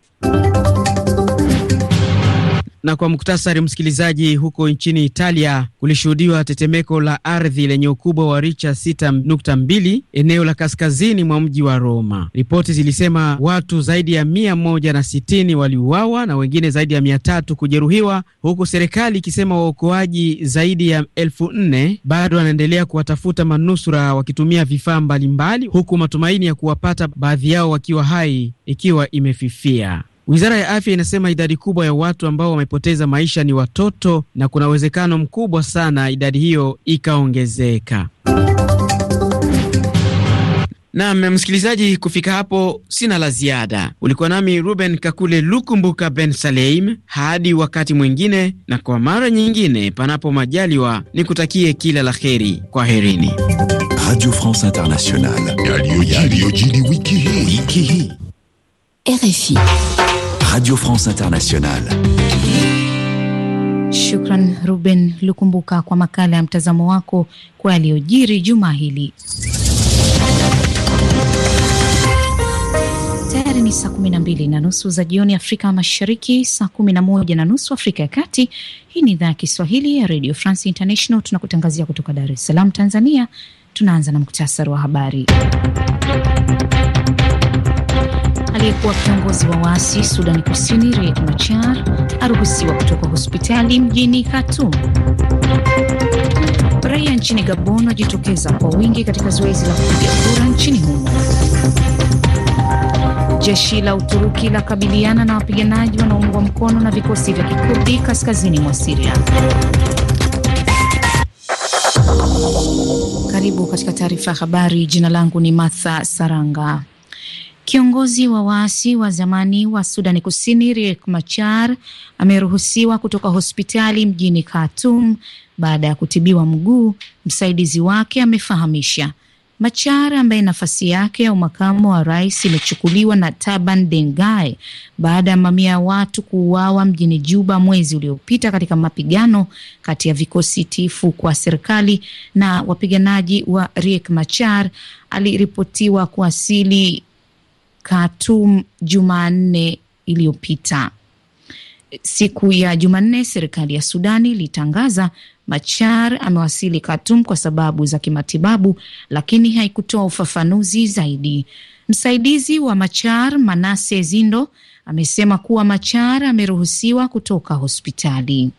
F: Na kwa muktasari, msikilizaji, huko nchini Italia kulishuhudiwa tetemeko la ardhi lenye ukubwa wa richa 6.2 eneo la kaskazini mwa mji wa Roma. Ripoti zilisema watu zaidi ya 160 waliuawa na wengine zaidi ya 300 kujeruhiwa, huku serikali ikisema waokoaji zaidi ya elfu bado wanaendelea kuwatafuta manusura wakitumia vifaa mbalimbali, huku matumaini ya kuwapata baadhi yao wakiwa hai ikiwa imefifia. Wizara ya afya inasema idadi kubwa ya watu ambao wamepoteza maisha ni watoto na kuna uwezekano mkubwa sana idadi hiyo ikaongezeka. Nam msikilizaji, kufika hapo sina la ziada. Ulikuwa nami Ruben Kakule Lukumbuka Ben Saleim, hadi wakati mwingine, na kwa mara nyingine, panapo majaliwa, ni kutakie kila la heri. Kwa herini.
E: Radio France Internationale, yaliyojiri wiki hii. RFI Radio France Internationale.
A: Shukran Ruben Lukumbuka kwa makala ya mtazamo wako kwa yaliyojiri juma hili. Tayari ni saa kumi na mbili na nusu za jioni Afrika Mashariki, saa kumi na moja na nusu Afrika ya Kati. Hii ni idhaa ya Kiswahili ya Radio France International, tunakutangazia kutoka Dar es Salaam, Tanzania. Tunaanza na muktasari wa habari aliyekuwa kiongozi wa waasi Sudani Kusini Riek Machar aruhusiwa kutoka hospitali mjini Khartoum. Raia nchini Gabon wajitokeza kwa wingi katika zoezi la kupiga kura nchini humo. Jeshi la Uturuki la kabiliana na wapiganaji wanaoungwa mkono na vikosi vya Kikurdi kaskazini mwa Siria. Karibu katika taarifa ya habari. Jina langu ni Martha Saranga. Kiongozi wa waasi wa zamani wa Sudani Kusini Riek Machar ameruhusiwa kutoka hospitali mjini Khartoum baada ya kutibiwa mguu, msaidizi wake amefahamisha. Machar ambaye nafasi yake ya umakamu wa rais imechukuliwa na Taban Dengai baada ya mamia ya watu kuuawa mjini Juba mwezi uliopita katika mapigano kati ya vikosi tifu kwa serikali na wapiganaji wa Riek Machar, aliripotiwa kuwasili Khartoum Jumanne iliyopita. Siku ya Jumanne, serikali ya Sudani ilitangaza Machar amewasili Khartoum kwa sababu za kimatibabu, lakini haikutoa ufafanuzi zaidi. Msaidizi wa Machar Manase Zindo amesema kuwa Machar ameruhusiwa kutoka hospitali.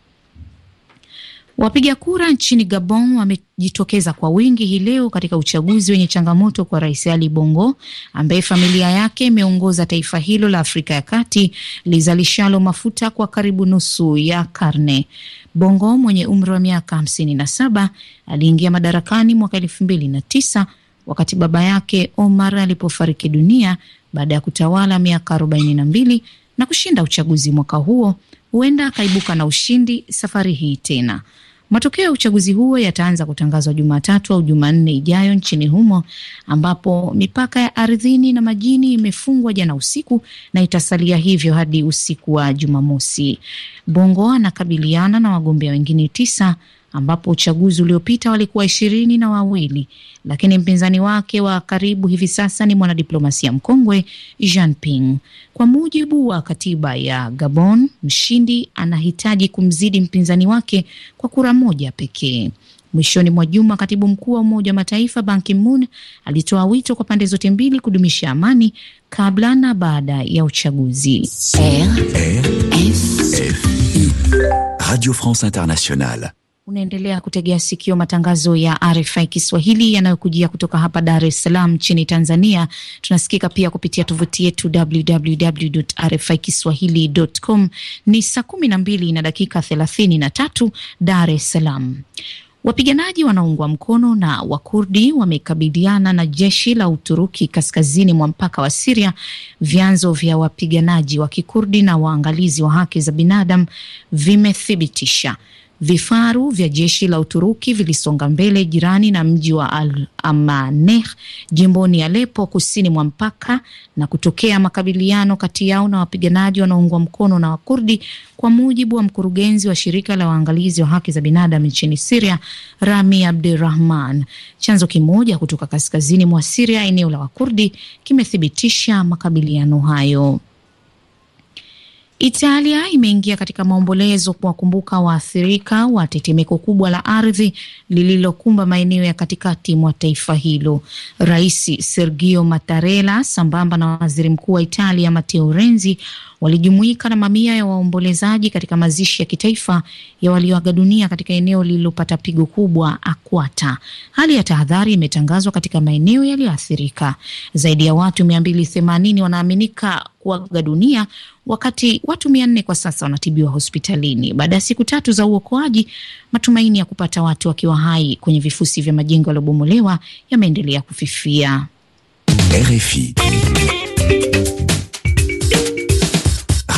A: Wapiga kura nchini Gabon wamejitokeza kwa wingi hii leo katika uchaguzi wenye changamoto kwa Rais Ali Bongo ambaye familia yake imeongoza taifa hilo la Afrika ya Kati lizalishalo mafuta kwa karibu nusu ya karne. Bongo mwenye umri wa miaka hamsini na saba aliingia madarakani mwaka elfu mbili na tisa wakati baba yake Omar alipofariki dunia baada ya kutawala miaka arobaini na mbili na kushinda uchaguzi mwaka huo. Huenda akaibuka na ushindi safari hii tena. Matokeo ya uchaguzi huo yataanza kutangazwa Jumatatu au Jumanne ijayo nchini humo, ambapo mipaka ya ardhini na majini imefungwa jana usiku na itasalia hivyo hadi usiku wa Jumamosi. Bongo anakabiliana na wagombea wengine tisa ambapo uchaguzi uliopita walikuwa ishirini na wawili, lakini mpinzani wake wa karibu hivi sasa ni mwanadiplomasia mkongwe Jean Ping. Kwa mujibu wa katiba ya Gabon, mshindi anahitaji kumzidi mpinzani wake kwa kura moja pekee. Mwishoni mwa juma, katibu mkuu wa Umoja wa Mataifa Ban Ki-moon alitoa wito kwa pande zote mbili kudumisha amani kabla na baada ya uchaguzi.
E: Radio France Internationale.
A: Unaendelea kutegea sikio matangazo ya RFI Kiswahili yanayokujia kutoka hapa Dar es Salaam nchini Tanzania. Tunasikika pia kupitia tovuti yetu www RFI kiswahilicom. Ni saa kumi na mbili na dakika thelathini na tatu Dar es Salaam. Wapiganaji wanaungwa mkono na Wakurdi wamekabiliana na jeshi la Uturuki kaskazini mwa mpaka wa Siria, vyanzo vya wapiganaji wa Kikurdi na waangalizi wa haki za binadamu vimethibitisha. Vifaru vya jeshi la Uturuki vilisonga mbele jirani na mji wa Al Amaneh jimboni Alepo kusini mwa mpaka na kutokea makabiliano kati yao na wapiganaji wanaoungwa mkono na Wakurdi, kwa mujibu wa mkurugenzi wa shirika la waangalizi wa haki za binadamu nchini Siria, Rami abdurahman Chanzo kimoja kutoka kaskazini mwa Siria, eneo la Wakurdi, kimethibitisha makabiliano hayo. Italia imeingia katika maombolezo kuwakumbuka waathirika wa tetemeko kubwa la ardhi lililokumba maeneo ya katikati mwa taifa hilo. Rais Sergio Mattarella sambamba na waziri mkuu wa Italia Matteo Renzi walijumuika na mamia ya waombolezaji katika mazishi ya kitaifa ya walioaga dunia katika eneo lililopata pigo kubwa Akwata. Hali ya tahadhari imetangazwa katika maeneo yaliyoathirika. Zaidi ya watu 280 wanaaminika kuaga dunia wakati watu mia nne kwa sasa wanatibiwa hospitalini. Baada ya siku tatu za uokoaji, matumaini ya kupata watu wakiwa hai kwenye vifusi vya majengo yaliyobomolewa yameendelea kufifia.
E: RFI.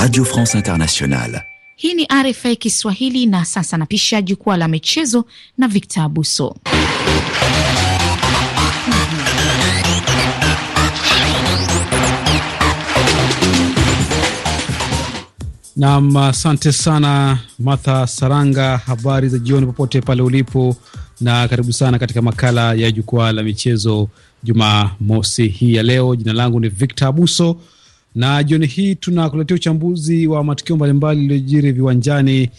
E: Radio France Internationale.
A: Hii ni RFI Kiswahili na sasa napisha jukwaa la michezo na Victor Abuso.
G: Nam, asante sana Martha Saranga. Habari za jioni popote pale ulipo, na karibu sana katika makala ya jukwaa la michezo Jumamosi hii ya leo. Jina langu ni Victor Abuso na jioni hii tunakuletea uchambuzi wa matukio mbalimbali yaliyojiri viwanjani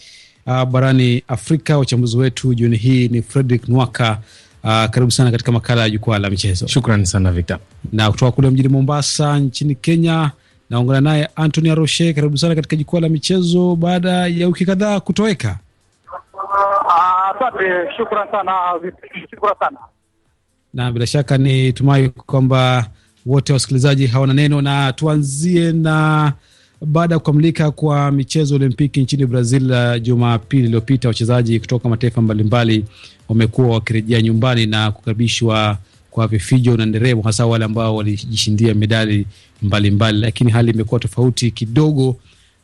G: uh, barani Afrika. Wachambuzi wetu jioni hii ni Fredrick Nwaka. Uh, karibu sana katika makala ya jukwaa la michezo. Shukrani sana Victor. Na kutoka kule mjini Mombasa nchini Kenya naungana naye Antony Aroshe. Karibu sana katika jukwaa la michezo baada ya wiki kadhaa kutoweka.
H: Asante uh, shukran sana, shukran sana
G: na bila shaka ni tumai kwamba wote wasikilizaji hawana neno. Na tuanzie na baada ya kukamilika kwa michezo Olimpiki nchini Brazil uh, Jumapili iliyopita, wachezaji kutoka mataifa mbalimbali wamekuwa wakirejea nyumbani na kukaribishwa kwa vifijo na nderemo, hasa wale ambao walijishindia medali mbalimbali mbali. Lakini hali imekuwa tofauti kidogo.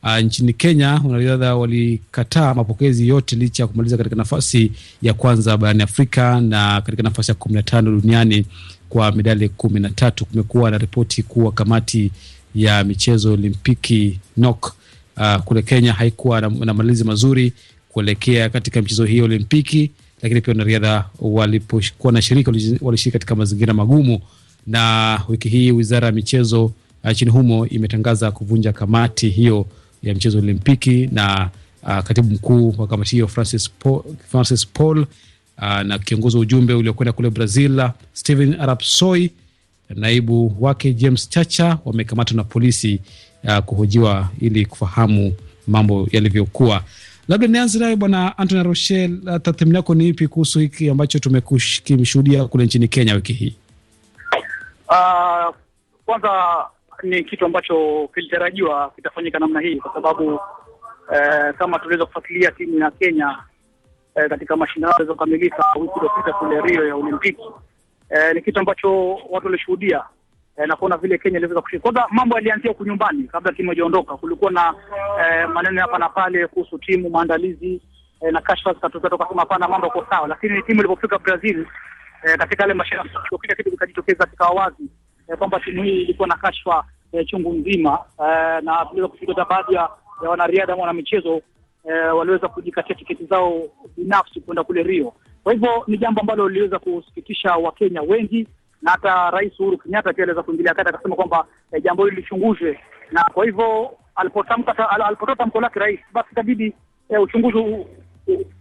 G: Uh, nchini Kenya wanariadha walikataa mapokezi yote licha ya kumaliza katika nafasi ya kwanza barani Afrika na katika nafasi ya kumi na tano duniani kwa medali kumi na tatu. Kumekuwa na ripoti kuwa kamati ya michezo Olimpiki NOK uh, kule Kenya haikuwa na, na malizi mazuri kuelekea katika michezo hiyo Olimpiki, lakini pia wanariadha walipokuwa na shirika walishiriki katika mazingira magumu. Na wiki hii wizara ya michezo uh, nchini humo imetangaza kuvunja kamati hiyo ya michezo Olimpiki na uh, katibu mkuu wa kamati hiyo Francis Paul, Francis Paul Ah, na kiongozi wa ujumbe uliokwenda kule Brazil ah, Steven Arapsoi, naibu wake James Chacha wamekamatwa na polisi uh, kuhojiwa ili kufahamu mambo yalivyokuwa. Labda nianze naye Bwana Antony Rochel, tathmini yako ni ipi kuhusu hiki ambacho tumekimshuhudia kule nchini Kenya wiki hii?
H: Uh, kwanza ni kitu ambacho kilitarajiwa kitafanyika namna hii kwa sababu uh, kama tuliweza kufuatilia timu ya Kenya eh, katika mashindano yaliyokamilika wiki iliyopita kule Rio ya Olimpiki. Eh, ni kitu ambacho watu walishuhudia eh, na kuona vile Kenya iliweza kushinda. Kwanza mambo yalianzia huku nyumbani kabla timu haijaondoka. Kulikuwa na eh, maneno hapa na pale kuhusu timu, maandalizi eh, na kashfa zikatokea, tukasema hapana, mambo yako sawa, lakini timu ilipofika Brazil eh, katika yale mashindano kile kitu kikajitokeza kikawa wazi eh, kwamba timu hii ilikuwa na kashfa eh, chungu nzima eh, na tuliweza kufikia baadhi ya wanariadha na michezo eh, waliweza kujikatia tiketi zao binafsi kwenda kule Rio. Kwa hivyo ni jambo ambalo liliweza kusikitisha Wakenya wengi na hata Rais Uhuru Kenyatta pia aliweza kuingilia kati akasema kwamba eh, jambo hili lichunguzwe, na kwa hivyo alipotoa tamko lake rais, basi itabidi eh, uchunguzi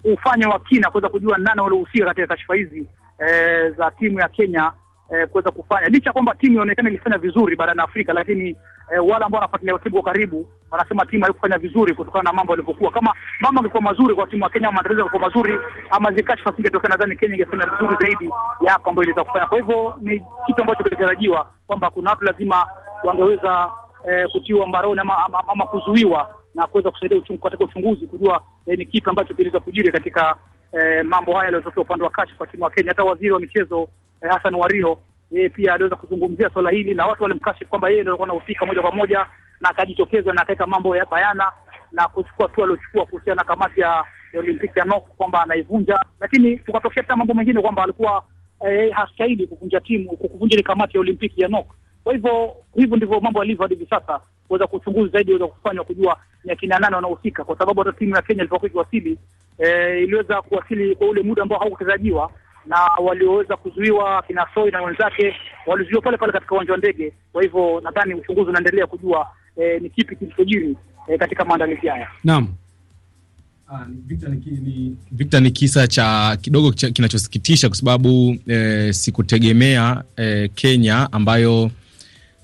H: ufanywe wa kina kuweza kujua nani waliohusika katika kashifa hizi eh, za timu ya Kenya eh, kuweza kufanya licha kwamba timu inaonekana ilifanya vizuri barani Afrika, lakini eh, wale ambao wanafuatilia uratibu kwa karibu wanasema timu haikufanya vizuri kutokana na mambo yalivyokuwa. Kama mambo yalikuwa mazuri kwa timu ya Kenya, maandalizi yalikuwa mazuri, ama zikashfa zingetokea, nadhani Kenya ingefanya vizuri zaidi ya hapo ambayo iliweza kufanya. Kwa hivyo ni kitu ambacho kilitarajiwa kwamba kuna watu lazima wangeweza eh, kutiwa mbaroni ama, ama, ama kuzuiwa na kuweza kusaidia uchungu katika uchunguzi kujua eh, ni kipi ambacho kiliweza kujiri katika eh, mambo haya yaliyotokea upande wa kashfa timu wa Kenya. Hata waziri wa michezo eh, Hassan Wario yeye pia aliweza kuzungumzia swala hili na watu walimkashifu kwamba yeye ndiye alikuwa anahusika moja kwa moja, na akajitokeza na akaweka mambo ya bayana na kuchukua tu aliochukua kuhusiana na kamati ya Olimpiki ya nok kwamba anaivunja, lakini tukatokea pia mambo mengine kwamba alikuwa eh, hastahili kuvunja timu kuvunja ile kamati ya Olimpiki ya NOC. Kwa hivyo hivyo ndivyo mambo yalivyo hadi hivi sasa, kuweza kuchunguzi zaidi weza kufanywa kujua ni akina nani wanahusika, kwa sababu hata timu ya Kenya ilipokuwa ikiwasili e, iliweza kuwasili kwa ule muda ambao haukutarajiwa na walioweza kuzuiwa kina Soi na wenzake walizuiwa pale pale katika uwanja wa ndege. Kwa hivyo nadhani uchunguzi unaendelea kujua e, ni kipi kilichojiri e, katika maandalizi haya. Naam. Ah,
D: ni, ni... Victor, ni kisa cha kidogo kinachosikitisha kwa sababu eh, sikutegemea eh, Kenya ambayo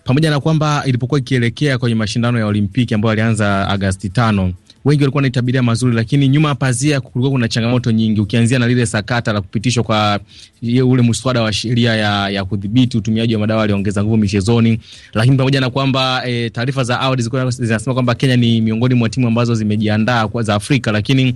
D: pamoja na kwamba ilipokuwa ikielekea kwenye mashindano ya Olimpiki ambayo alianza Agasti tano wengi walikuwa naitabiria mazuri, lakini nyuma ya pazia kulikuwa kuna changamoto nyingi, ukianzia na lile sakata la kupitishwa kwa ule muswada wa sheria ya, ya kudhibiti utumiaji wa madawa aliongeza nguvu michezoni. Lakini pamoja na kwamba e, taarifa za awali zinasema kwamba Kenya ni miongoni mwa timu ambazo zimejiandaa za Afrika, lakini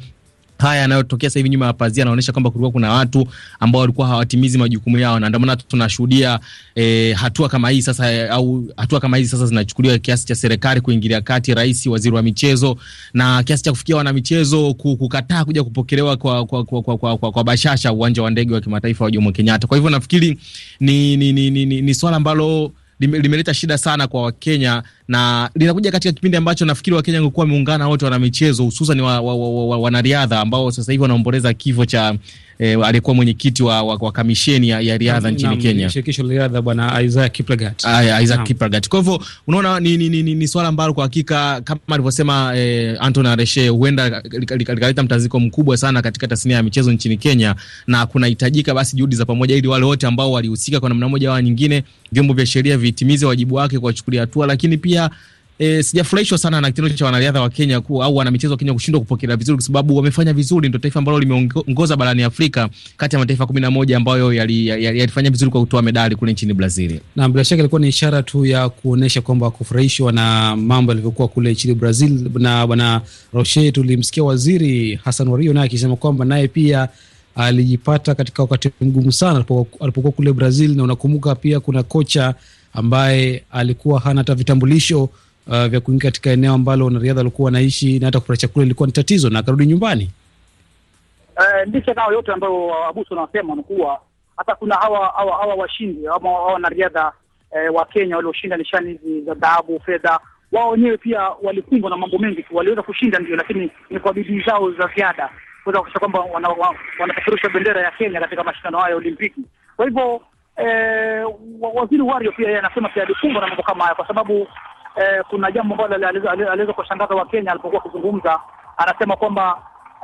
D: haya yanayotokea sasa hivi nyuma ya pazia yanaonyesha kwamba kulikuwa kuna watu ambao walikuwa hawatimizi majukumu yao, na ndio maana tunashuhudia e, hatua kama hii sasa, eh, au hatua kama hizi sasa zinachukuliwa kiasi cha serikali kuingilia kati, rais, waziri wa michezo, na kiasi cha kufikia michezo kukataa kuja kupokelewa kwa, kwa, kwa, kwa, kwa, kwa, kwa bashasha uwanja wa ndege wa kimataifa wa Jomo Kenyatta. Kwa hivyo nafikiri ni, ni, ni, ni, ni, ni swala ambalo limeleta shida sana kwa Wakenya na linakuja katika kipindi ambacho nafikiri Wakenya angekuwa wameungana wote wana michezo hususan wa, wa, wa, wa, wanariadha ambao sasa hivi wanaomboleza kifo cha eh, aliyekuwa mwenyekiti wa, wa, wa kamisheni ya, ya riadha nchini na, Kenya,
G: shirikisho la riadha bwana Isaac Kiplagat. Aya, ah, Isaac
D: Kiplagat. Kwa hivyo unaona ni, ni, ni, ni, ni swala ambalo kwa hakika kama alivyosema eh, Anton Areshe huenda likaleta mtanziko mkubwa sana katika tasnia ya michezo nchini Kenya, na kunahitajika basi juhudi za pamoja ili wale wote ambao walihusika kwa namna moja au nyingine, vyombo vya sheria vitimize wajibu wake kuwachukulia hatua, lakini pia sija E, eh, sijafurahishwa sana na kitendo cha wanariadha wa Kenya ku, au wana michezo wa Kenya kushindwa kupokelea vizuri, kwa sababu wamefanya vizuri. Ndio taifa ambalo limeongoza barani Afrika kati ya mataifa kumi na moja ambayo yalifanya yali, yali vizuri kwa kutoa medali kule nchini Brazil,
G: na bila shaka ilikuwa ni ishara tu ya kuonyesha kwamba kufurahishwa na mambo yalivyokuwa kule nchini Brazil. Na bwana Roche, tulimsikia waziri Hassan Wario naye akisema kwamba naye pia alijipata katika wakati mgumu sana alipokuwa kule Brazil, na unakumbuka pia kuna kocha ambaye alikuwa hana hata vitambulisho uh, vya kuingia katika eneo ambalo wanariadha walikuwa wanaishi, na hata kupata chakula ilikuwa ni tatizo, na akarudi nyumbani.
H: Uh, ndicho nao yote ambayo wabusu wanasema ni kuwa hata kuna hawa hawa, hawa washindi ama hawa wanariadha eh, wa Kenya walioshinda nishani hizi za dhahabu, fedha, wao wenyewe pia walikumbwa na mambo mengi tu. Waliweza kushinda ndio, lakini ni kwa bidii zao za ziada kuweza kuhakikisha kwamba wanapeperusha wana bendera ya Kenya katika mashindano hayo ya Olimpiki. Kwa hivyo eh, waziri Wario pia yeye anasema pia alikumbwa na mambo kama haya, kwa sababu eh, kuna jambo ambalo aliweza wa Wakenya alipokuwa kuzungumza. Anasema kwamba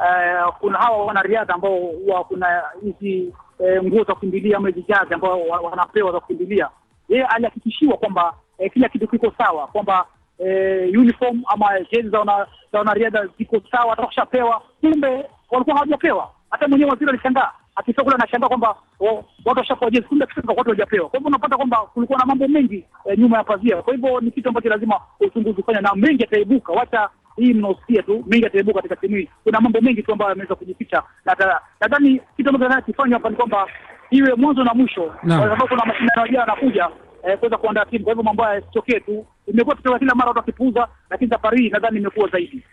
H: eh, kuna hawa wanariadha ambao huwa kuna hizi eh, nguo za kukimbilia ama hizi jazi ambao wanapewa za kukimbilia, yeye alihakikishiwa kwamba eh, kila kitu kiko sawa, kwamba eh, uniform ama jezi za wanariadha ziko sawa, hata kushapewa. Kumbe walikuwa hawajapewa. Hata mwenyewe waziri alishangaa afisa kule anashangaa kwamba oh, watu washapewa jezi, kumbe afisa watu wajapewa. Kwa hivyo unapata kwamba kulikuwa na mambo mengi eh, nyuma ya pazia. Kwa hivyo ni kitu ambacho lazima uchunguzi ufanya, na mengi yataibuka, wacha hii mnaosikia tu, mengi yataibuka katika timu hii. Kuna mambo mengi tu ambayo yameweza kujificha, na nadhani kitu ambacho nataka kifanywa hapa ni kwamba iwe mwanzo na mwisho, kwa sababu kuna mashindano yajayo yanakuja eh, kuweza kuandaa timu. Kwa hivyo mambo haya yasitokee tu, imekuwa tukiwa kila mara watu wakipuuza, lakini safari hii nadhani imekuwa zaidi,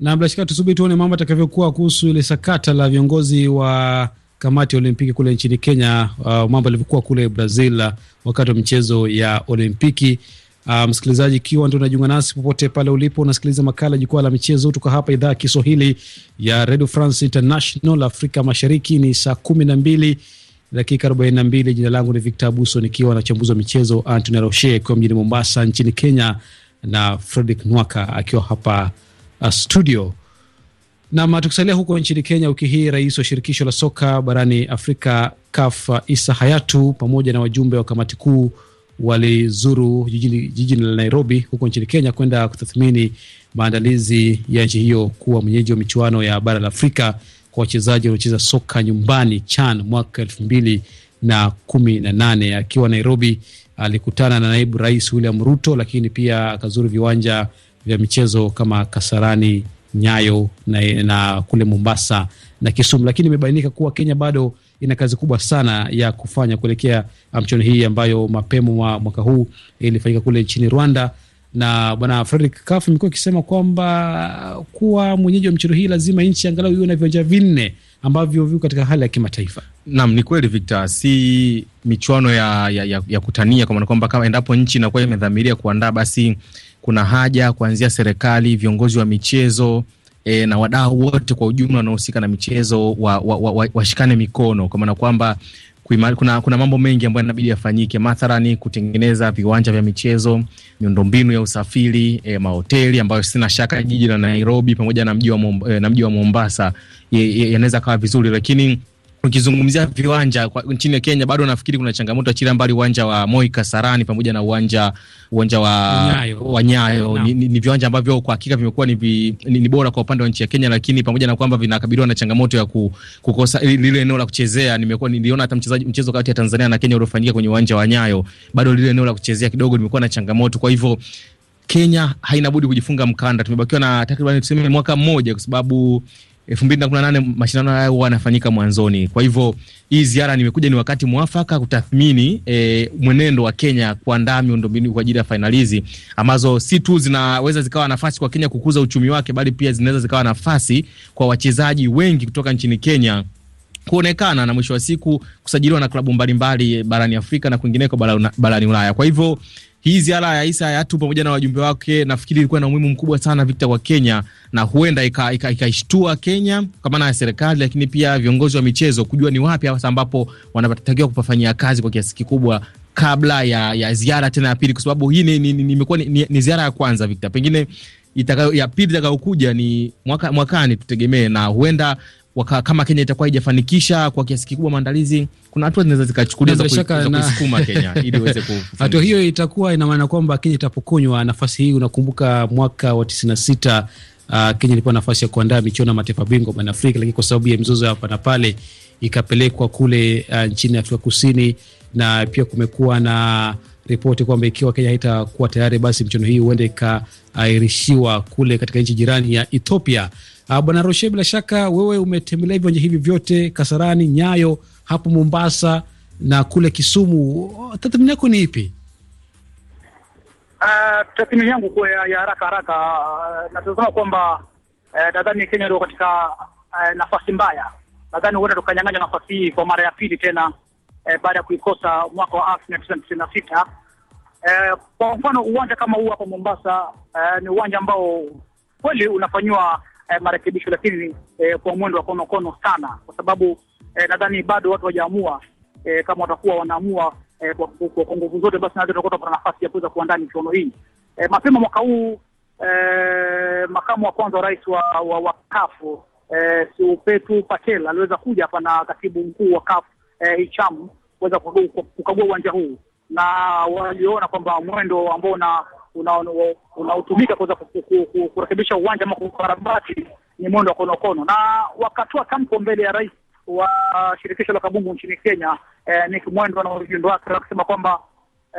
G: na bila shaka tusubiri tuone mambo atakavyokuwa kuhusu ile sakata la viongozi wa kamati ya Olimpiki kule nchini Kenya, uh, mambo yalivyokuwa kule Brazil uh, wakati wa michezo ya Olimpiki. Uh, msikilizaji, ikiwa ndio unajiunga nasi popote pale ulipo, unasikiliza makala Jukwaa la Michezo kutoka hapa idhaa ya Kiswahili ya Radio France International. Afrika Mashariki ni saa kumi na mbili dakika mbili. Jina langu ni Victor Abuso nikiwa na chambuzi wa michezo Antony Roche akiwa mjini Mombasa nchini Kenya na Fredrick Nwaka akiwa hapa uh, studio Nam, tukisalia huko nchini Kenya, wiki hii rais wa shirikisho la soka barani Afrika CAF Isa Hayatu pamoja na wajumbe wa kamati kuu walizuru jijini, jijini la Nairobi huko nchini Kenya kwenda kutathmini maandalizi ya nchi hiyo kuwa mwenyeji wa michuano ya bara la Afrika kwa wachezaji wanaocheza soka nyumbani CHAN mwaka elfu mbili na kumi na nane. Akiwa Nairobi alikutana na naibu rais William Ruto, lakini pia akazuru viwanja vya michezo kama Kasarani Nyayo na, na kule Mombasa na Kisumu, lakini imebainika kuwa Kenya bado ina kazi kubwa sana ya kufanya kuelekea mchuano um, hii ambayo mapema mwa mwaka huu ilifanyika kule nchini Rwanda na bwana Fredrick Kaf imekuwa ikisema kwamba kuwa mwenyeji wa mchezo hii lazima nchi angalau iwe na viwanja vinne ambavyo viko katika hali ya kimataifa.
D: Naam, ni kweli Victor, si michuano ya, ya, ya, ya kutania, kwa maana kwamba kama endapo nchi inakuwa imedhamiria kuandaa basi kuna haja kuanzia serikali, viongozi wa michezo E, na wadau wote kwa ujumla wanaohusika na michezo washikane wa, wa, wa mikono kwa maana kwamba kuna, kuna mambo mengi ambayo inabidi yafanyike, mathalani kutengeneza viwanja vya michezo, miundombinu ya usafiri e, mahoteli ambayo sina shaka jiji la na Nairobi pamoja na mji wa e, Mombasa yanaweza kawa vizuri lakini Ukizungumzia viwanja kwa nchini Kenya bado nafikiri kuna changamoto achilia mbali uwanja wa Moi Kasarani pamoja na uwanja uwanja wa Nyayo, wa Nyayo. Ni, ni, ni viwanja ambavyo kwa hakika vimekuwa ni, vi, ni, ni bora kwa upande wa nchi ya Kenya, lakini pamoja na kwamba vinakabiliwa na changamoto ya ku, kukosa lile eneo la kuchezea. Nimekuwa niliona hata mchezaji mchezo kati ya Tanzania na Kenya uliofanyika kwenye uwanja wa Nyayo, bado lile eneo la kuchezea kidogo limekuwa na changamoto, kwa hivyo Kenya haina budi kujifunga mkanda. Tumebakiwa na takriban tuseme mwaka mmoja, kwa sababu elfu mbili na kumi na nane mashindano huwa yanafanyika mwanzoni. Kwa hivyo hii ziara nimekuja ni wakati mwafaka kutathmini e, mwenendo wa Kenya kuandaa miundombinu kwa ajili ya fainali hizi ambazo si tu zinaweza zikawa nafasi kwa Kenya kukuza uchumi wake, bali pia zinaweza zikawa nafasi kwa wachezaji wengi kutoka nchini Kenya kuonekana na mwisho wa siku kusajiliwa na klabu mbalimbali barani Afrika na kwingineko barani Ulaya. Kwa hivyo hii ziara ya Isa Hayatou pamoja na wajumbe wake nafikiri ilikuwa na umuhimu mkubwa sana vikta kwa Kenya na huenda ikaishtua Kenya kwa maana ya serikali, lakini pia viongozi wa michezo kujua ni wapi hasa ambapo wanatakiwa kupafanyia kazi kwa kiasi kikubwa kabla ya, ya ziara tena ya pili, kwa sababu hii imekuwa ni, ni, ni, ni, ni ziara ya kwanza Vikta, pengine itakayo ya pili itakayokuja ni mwaka, mwakani tutegemee, na huenda waka, kama Kenya itakuwa haijafanikisha kwa kiasi kikubwa maandalizi, kuna hatua zinaweza zikachukuliwa za kuisukuma Kenya ili iweze kufanikisha. Hatua
G: hiyo itakuwa ina maana kwamba Kenya itapokonywa nafasi hii. Unakumbuka mwaka wa sita Uh, Kenya ilipewa nafasi ya kuandaa michuano ya mataifa bingwa barani Afrika, lakini kwa sababu ya mizozo ya hapa na pale ikapelekwa kule uh, nchini Afrika Kusini, na pia kumekuwa na ripoti kwamba ikiwa Kenya haitakuwa tayari, basi michuano hii huenda ikaahirishiwa kule katika nchi jirani ya Ethiopia. Uh, Bwana Roshe, bila shaka wewe umetembelea viwanja hivi vyote, Kasarani, Nyayo, hapo Mombasa na kule Kisumu, tathmini yako ni ipi?
H: Uh, tathmini yangu kwa ya haraka haraka, uh, natazama kwamba eh, nadhani uh, Kenya ndio katika uh, nafasi mbaya. Nadhani huenda tukanyang'anya nafasi hii kwa mara ya pili tena uh, baada ya kuikosa mwaka wa elfu mia tisa tisini na sita. Kwa mfano uwanja kama huu hapa Mombasa uh, ni uwanja ambao kweli unafanyiwa eh, marekebisho, lakini eh, kwa mwendo wa konokono sana, kwa sababu eh, nadhani bado watu hawajaamua eh, kama watakuwa wanaamua eh, kwa, kwa, kwa nguvu zote, basi nadhani tutakuwa tuna nafasi ya kuweza kuandaa michuano hii eh, mapema mwaka huu. Eh, makamu wa kwanza wa rais wa, wa, wa CAF eh, Siupetu Patel aliweza kuja hapa na katibu mkuu wa CAF eh, Hicham kuweza kukagua uwanja huu na waliona kwamba mwendo ambao na unaotumika kuweza kurekebisha uwanja ama kukarabati ni mwendo wa konokono, na wakatoa tamko mbele ya rais wa uh, shirikisho la kabumbu nchini Kenya eh, Nick Mwendwa na ujumbe wake wakisema kwamba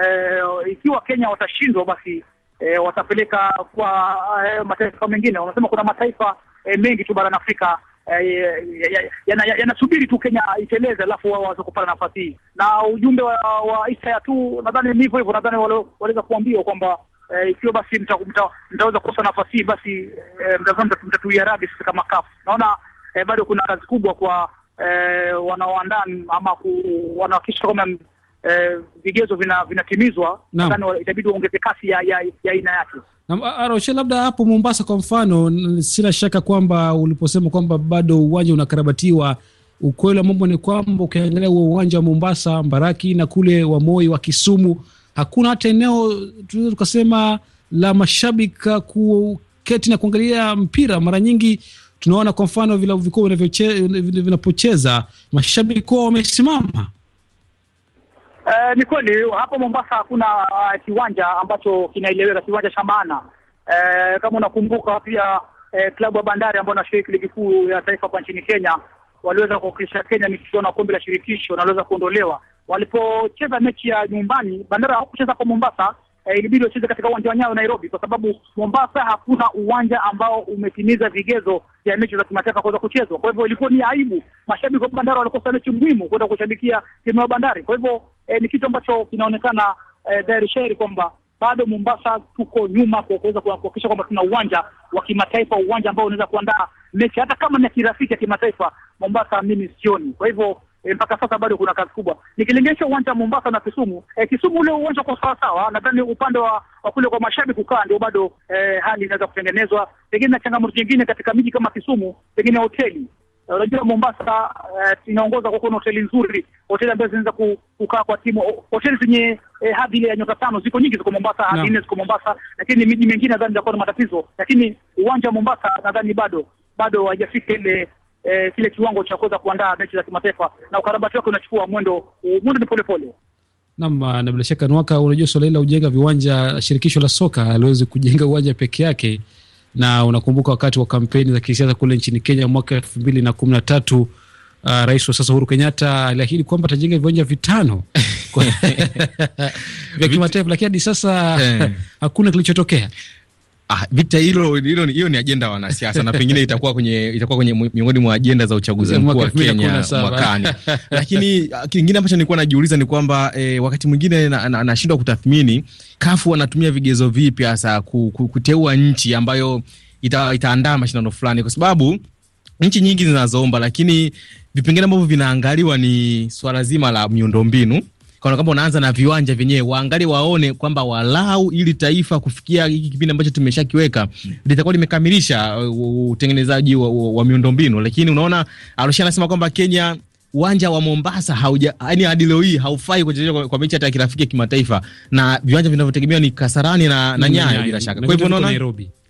H: eh, ikiwa Kenya watashindwa basi eh, watapeleka kwa eh, mataifa mengine. Wanasema kuna mataifa eh, mengi tu barani Afrika eh, yanasubiri tu Kenya iteleze, alafu wao waweze kupata nafasi hii. Na ujumbe wa, wa Isaya tu nadhani ni hivyo hivyo, nadhani waliweza kuambiwa kwamba eh, ikiwa basi mtaweza mta, mta kukosa nafasi hii basi eh, mtazama mtatuia radi sisi kama CAF. Naona eh, bado kuna kazi kubwa kwa eh, wanaoandaa ama wanahakikisha kwamba eh, vigezo vinatimizwa vina nadhani itabidi waongeze kasi ya aina ya, ya yake.
G: Na Aroshe, labda hapo Mombasa kwa mfano, sina shaka kwamba uliposema kwamba bado uwanja unakarabatiwa, ukweli wa mambo ni kwamba ukiangalia huo uwanja wa Mombasa Mbaraki na kule wa Moi wa Kisumu hakuna hata eneo tunaweza tukasema la mashabiki kuketi na kuangalia mpira. Mara nyingi tunaona kwa mfano vilabu vikuu vinapocheza mashabiki kuwa wamesimama.
H: Uh, ni kweli hapo Mombasa hakuna uh, kiwanja ambacho kinaeleweka, kiwanja cha maana uh, kama unakumbuka pia uh, klabu ya Bandari ambayo nashiriki ligi kuu ya taifa kwa nchini Kenya waliweza kuwakilisha Kenya michuano ya kombe la shirikisho na waliweza kuondolewa walipocheza mechi ya nyumbani, Bandari hawakucheza kwa Mombasa. E, ilibidi wacheze katika uwanja wa Nyayo Nairobi, kwa sababu Mombasa hakuna uwanja ambao umetimiza vigezo vya mechi za kimataifa kuweza kuchezwa. Kwa hivyo ilikuwa ni aibu, mashabiki wa Bandari walikosa mechi muhimu kwenda kushabikia timu ya Bandari. Kwa hivyo e, ni kitu ambacho kinaonekana e, dhahiri shahiri kwamba bado Mombasa tuko nyuma kwa kuweza kuhakikisha kwamba tuna uwanja wa kimataifa, uwanja ambao unaweza kuandaa mechi hata kama ni kirafiki ya kimataifa. Mombasa mimi sioni. Kwa hivyo Eh, mpaka sasa bado kuna kazi kubwa. Nikilinganisha uwanja wa Mombasa na Kisumu, e, Kisumu ule uwanja uko sawa sawa, nadhani upande wa kule kwa mashabiki kukaa ndio bado e, hali inaweza kutengenezwa, pengine na changamoto nyingine katika miji kama Kisumu, pengine hoteli Unajua, Mombasa uh, inaongoza kwa kuwa na hoteli nzuri, hoteli ambazo zinaweza kukaa kwa timu, hoteli zenye eh, hadhi ile ya nyota tano ziko nyingi, ziko Mombasa, hadhi nne ziko Mombasa, lakini miji mingine nadhani itakuwa na matatizo, lakini uwanja wa Mombasa nadhani bado bado haijafika ile eh, kile kiwango cha kuweza kuandaa mechi za kimataifa na ukarabati wake unachukua mwendo mwendo ni polepole.
G: Nam, ah, na bila shaka Nwaka, unajua swala hili la ujenga viwanja, shirikisho la soka aliwezi kujenga uwanja peke yake, na unakumbuka wakati wa kampeni za kisiasa kule nchini Kenya mwaka elfu mbili na kumi na tatu uh, rais wa sasa Uhuru Kenyatta aliahidi kwamba atajenga viwanja vitano vya kimataifa, lakini hadi sasa eh. hakuna kilichotokea.
D: Ah, vita hilo hilo hiyo ni ajenda wanasiasa na pengine itakuwa kwenye itakuwa kwenye miongoni mwa ajenda za uchaguzi mkuu wa Kenya mwakani. Lakini ah, kingine ambacho nilikuwa najiuliza ni kwamba eh, wakati mwingine anashindwa na, na kutathmini kafu wanatumia vigezo vipi hasa kuteua nchi ambayo ita, itaandaa mashindano fulani kwa sababu nchi nyingi zinazoomba, lakini vipengele ambavyo vinaangaliwa ni swala zima la miundombinu kwa kwamba unaanza na viwanja vyenyewe, waangalie waone kwamba walau ili taifa kufikia hiki kipindi ambacho tumeshakiweka litakuwa limekamilisha uh, utengenezaji wa, wa, wa miundombinu. Lakini unaona Arusha anasema kwamba Kenya uwanja wa Mombasa hauja yani, hadi leo hii haufai kuchezeshwa kwa, kwa mechi hata ya kirafiki ya kimataifa, na viwanja vinavyotegemewa ni Kasarani na, na Nyayo bila shaka. Kwa hivyo unaona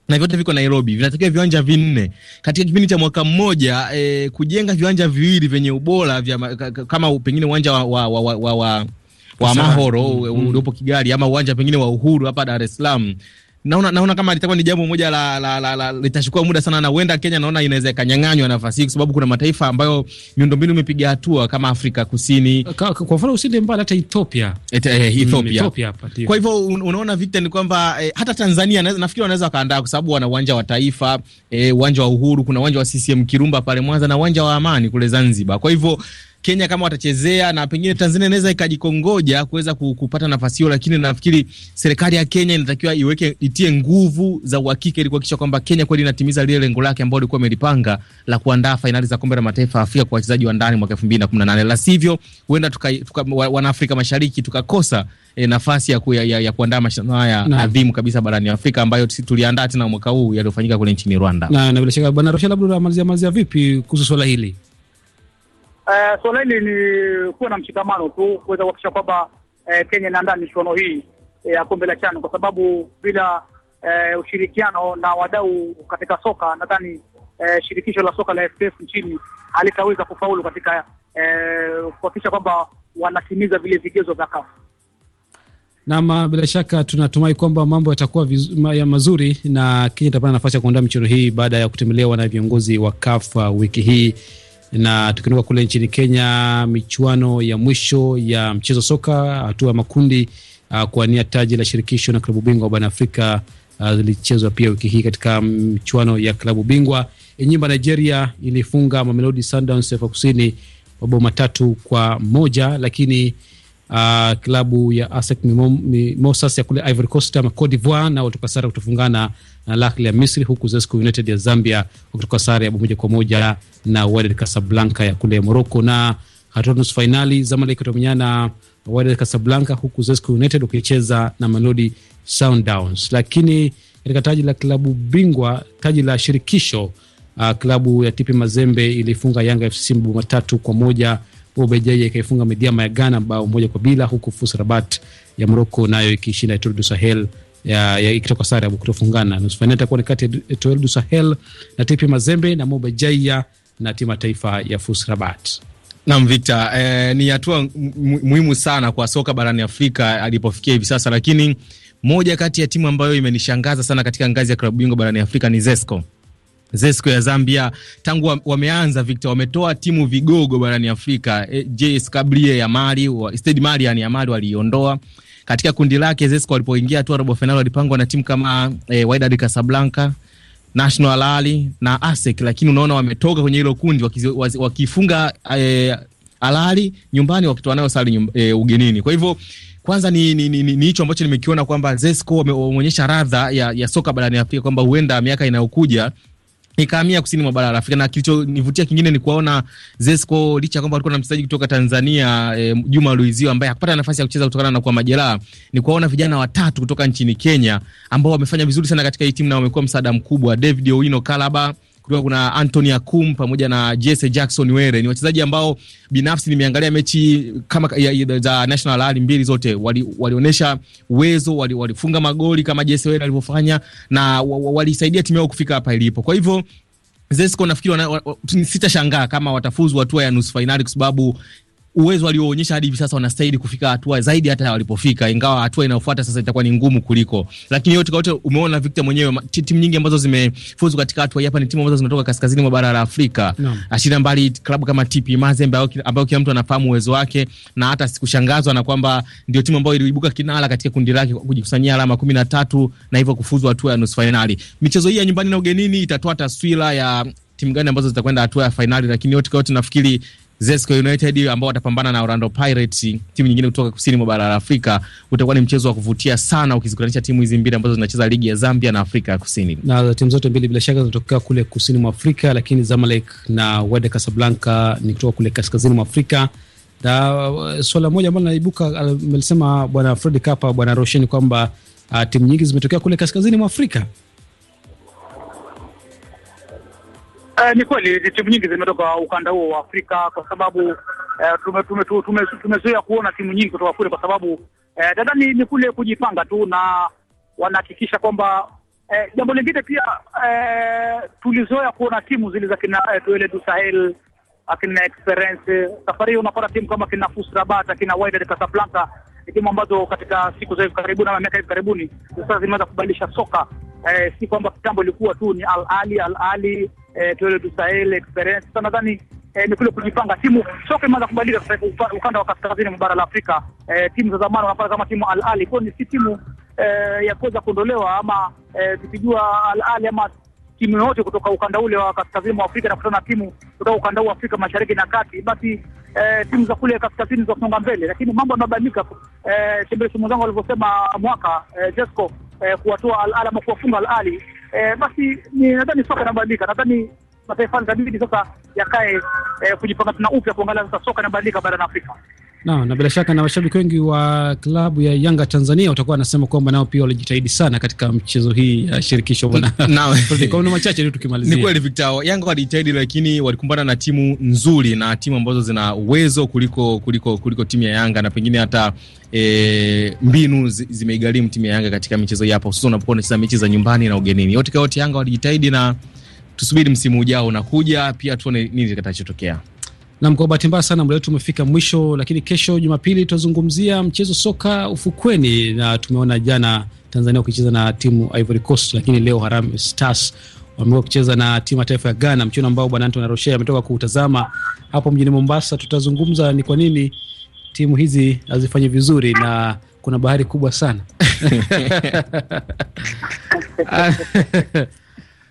D: na vyote viko Nairobi, vinatakiwa viwanja vinne katika kipindi cha mwaka mmoja e, kujenga viwanja viwili vyenye ubora vya kama pengine uwanja wa, wa, wa, wa, wa, wa wa Mahoro mm. mm, uliopo Kigali ama uwanja pengine wa Uhuru hapa Dar es Salaam. Naona, naona kama litakuwa ni jambo moja la, la, la, la litachukua muda sana, na huenda Kenya naona inaweza ikanyang'anywa nafasi hii, kwa sababu kuna mataifa ambayo miundombinu imepiga hatua kama Afrika Kusini kwa, kwa mfano usinde mbali hata Ethiopia,
G: Ethiopia. Eh, mm, Ethiopia. Ethiopia kwa
D: hivyo un, unaona Victor, ni kwamba eh, hata Tanzania nafikiri wanaweza wakaandaa, kwa sababu wana uwanja wa Taifa, eh, uwanja eh, wa Uhuru, kuna uwanja wa CCM Kirumba pale Mwanza na uwanja wa Amani kule Zanzibar. Kwa hivyo Kenya kama watachezea na pengine Tanzania inaweza ikajikongoja kuweza kupata nafasi hiyo, lakini nafikiri serikali ya Kenya inatakiwa iweke itie nguvu za uhakika ili kuhakikisha kwamba Kenya kweli inatimiza lile lengo lake ambalo ilikuwa imelipanga la kuandaa fainali za kombe la mataifa ya Afrika kwa wachezaji wa ndani mwaka 2018 la sivyo, huenda tuka, tuka, wanaafrika mashariki tukakosa e, nafasi ya, ku, ya, ya, ya kuandaa mashindano haya adhimu kabisa barani Afrika ambayo tuliandaa tena mwaka huu yaliyofanyika kule nchini Rwanda.
G: Na, na bila shaka bwana Rochelle, labda amalizia malizia vipi kuhusu swala hili?
H: Uh, eh, suala hili ni kuwa na mshikamano tu kuweza kuhakikisha kwamba uh, Kenya inaandaa michuano hii eh, ya kombe la CHAN kwa sababu bila uh, ushirikiano na wadau katika soka nadhani uh, shirikisho la soka la FKF nchini halitaweza kufaulu katika kuhakikisha kwamba wanatimiza vile vigezo vya CAF.
G: Naam, bila shaka tunatumai kwamba mambo yatakuwa ya mazuri na Kenya itapata nafasi ya kuandaa michuano hii baada ya kutembelewa na viongozi wa CAF uh, wiki hii na tukinuka kule nchini Kenya, michuano ya mwisho ya mchezo soka hatua ya makundi uh, kuwania taji la shirikisho na klabu bingwa barani Afrika uh, zilichezwa pia wiki hii katika michuano ya klabu bingwa. Enyimba Nigeria ilifunga Mamelodi Sundowns Afrika Kusini mabao matatu kwa moja, lakini uh, klabu ya ASEC Mimosas ya kule Ivory Coast ama Cote d'Ivoire nao kutofungana na Al Ahly ya Misri, huku Zesco United ya Zambia wakitoka sare ya moja kwa moja na Wydad Casablanca ya kule Morocco. Na hatua nusu fainali, Zamalek watamenyana na Wydad Casablanca, huku Zesco United wakicheza na Mamelodi Sundowns. Lakini katika taji la klabu bingwa, taji la shirikisho Uh, klabu ya TP Mazembe ilifunga Yanga FC mabao matatu kwa moja. Ubelgiji ikaifunga Mediama ya Ghana bao moja kwa bila, huku FUS Rabat ya Morocco nayo ikishinda Etoile du Sahel ya, ya ikitoka sare ya kutofungana. Nusu fainali itakuwa ni kati ya Etoile du Sahel na TP Mazembe na Moba Jaya na timu taifa ya FUS Rabat. Naam Victor, eh, ni hatua muhimu sana kwa soka
D: barani Afrika alipofikia hivi sasa, lakini moja kati ya timu ambayo imenishangaza sana katika ngazi ya klabu bingwa barani Afrika ni Zesco. Zesco ya Zambia tangu wameanza Victor, wametoa timu vigogo barani Afrika. Eh, JS Kabylie ya Mali, Stade Malien ya Mali waliiondoa katika kundi lake Zesco walipoingia tu robo fainali walipangwa na timu kama e, Wydad Casablanca, National Al Ahly na ASEC, lakini unaona wametoka kwenye hilo kundi wakifunga e, Al Ahly nyumbani wakitoa nayo sare e, ugenini. Kwa hivyo kwanza ni hicho ni, ni, ni ambacho nimekiona kwamba Zesco wameonyesha radha ya, ya soka barani Afrika kwamba huenda miaka inayokuja ikahamia kusini mwa bara la Afrika. Na kilichonivutia kingine ni kuwaona Zesco, licha kwamba alikuwa na mchezaji kutoka Tanzania e, Juma Luizio ambaye hakupata nafasi ya kucheza kutokana na kwa majeraha, ni kuwaona vijana watatu kutoka nchini Kenya ambao wamefanya vizuri sana katika hii timu na wamekuwa msaada mkubwa: David Owino Kalaba kutoka kuna Anthony Akum pamoja na Jesse Jackson Were. Ni wachezaji ambao binafsi nimeangalia mechi kama za National Rally mbili zote, walionyesha wali uwezo, walifunga wali magoli kama Jesse Were alivyofanya na walisaidia timu yao kufika hapa ilipo. Kwa hivyo Zesco nafikiri, sitashangaa kama watafuzu hatua ya nusu fainali kwa sababu uwezo walioonyesha hadi hivi sasa wanastahili kufika hatua zaidi hata walipofika, ingawa hatua inayofuata sasa itakuwa ni ngumu kuliko. Lakini yote kwa yote, umeona Victor mwenyewe, timu nyingi ambazo zimefuzu katika hatua hapa ni timu ambazo zinatoka kaskazini mwa bara la Afrika, no. ashira mbali klabu kama TP Mazembe ambayo kila mtu anafahamu uwezo wake, na hata sikushangazwa na kwamba ndio timu ambayo iliibuka kinara katika kundi lake kwa kujikusanyia alama 13 na hivyo kufuzu hatua ya nusu fainali. Michezo hii ya nyumbani na ugenini itatoa taswira ya timu gani ambazo zitakwenda hatua ya fainali, lakini yote kwa yote nafikiri Zesco United ambao watapambana na Orlando Pirates, timu nyingine kutoka kusini mwa bara la Afrika. Utakuwa ni mchezo wa kuvutia sana ukizikutanisha timu hizi mbili ambazo zinacheza ligi ya Zambia na Afrika
G: ya Kusini, na timu zote mbili bila shaka zinatokea kule kusini mwa Afrika, lakini Zamalek na Wydad Casablanca ni kutoka kule kaskazini mwa Afrika. Na uh, swala moja ambalo naibuka amelisema uh, bwana Fred Kapa, bwana Rosheni, kwamba uh, timu nyingi zimetokea kule kaskazini mwa Afrika.
H: Eh, ni kweli timu nyingi zimetoka ukanda huo wa Afrika kwa sababu tumezoea eh, tume, tume, tume, tume kuona timu nyingi kutoka kule kwa sababu eh, dadhani ni kule kujipanga tu na wanahakikisha kwamba eh, jambo lingine pia eh, tulizoea kuona timu zile za kina eh, Tuele du Sahel akina Experience. Safari hii unapata timu kama kina FUS Rabat akina Wydad Casablanca ni timu ambazo katika siku za hivi karibuni ama miaka hivi karibuni sasa zimeweza kubadilisha soka eh, si kwamba kitambo ilikuwa tu ni Al Ali Al Ali eh, tuele tusaele experience. Sasa nadhani eh, ni kule kujipanga timu. Soka imeanza kubadilika sasa hivi ukanda wa kaskazini mbara la Afrika. Eh, timu za zamani wanapata kama timu Al Ali, kwa ni si timu eh, ya kuweza kuondolewa ama eh, tukijua Al Ali ama timu yote kutoka ukanda ule wa kaskazini mwa Afrika na kutana na timu kutoka ukanda wa Afrika Mashariki na Kati, basi eh, timu za kule kaskazini zinasonga mbele, lakini mambo yanabadilika. Eh, Shembereshi mwenzangu alivyosema mwaka eh, Jesco eh, kuwatoa Al ama kuwafunga Al Ahly eh, basi ni nadhani soka inabadilika, nadhani mataifa itabidi sasa yakae eh, kujipanga tena upya kuangalia sasa soka
G: inabadilika barani Afrika. Na, na bila shaka na washabiki wengi wa klabu ya Yanga Tanzania watakuwa wanasema kwamba nao pia walijitahidi sana katika mchezo hii ya shirikisho bwana. Kwa machache tu tukimalizia. Ni kweli
D: Victor, Yanga walijitahidi lakini walikumbana na timu nzuri na timu ambazo zina uwezo kuliko kuliko kuliko timu ya Yanga na pengine hata e, mbinu zimeigharimu timu ya Yanga katika michezo hii hapa hususan unapokuwa unacheza mechi za nyumbani na ugenini. Yote kwa yote Yanga walijitahidi na tusubiri msimu ujao unakuja pia tuone nini kitachotokea.
G: Nam, kwa bahati mbaya sana muda wetu umefika mwisho, lakini kesho Jumapili tutazungumzia mchezo soka ufukweni, na tumeona jana Tanzania ukicheza na timu Ivory Coast, lakini leo Harambee Stars wamekuwa kucheza na timu ya taifa ya Ghana, mchezo ambao bwana Anton Roche ametoka kuutazama hapo mjini Mombasa. Tutazungumza ni kwa nini timu hizi hazifanyi vizuri na kuna bahari kubwa sana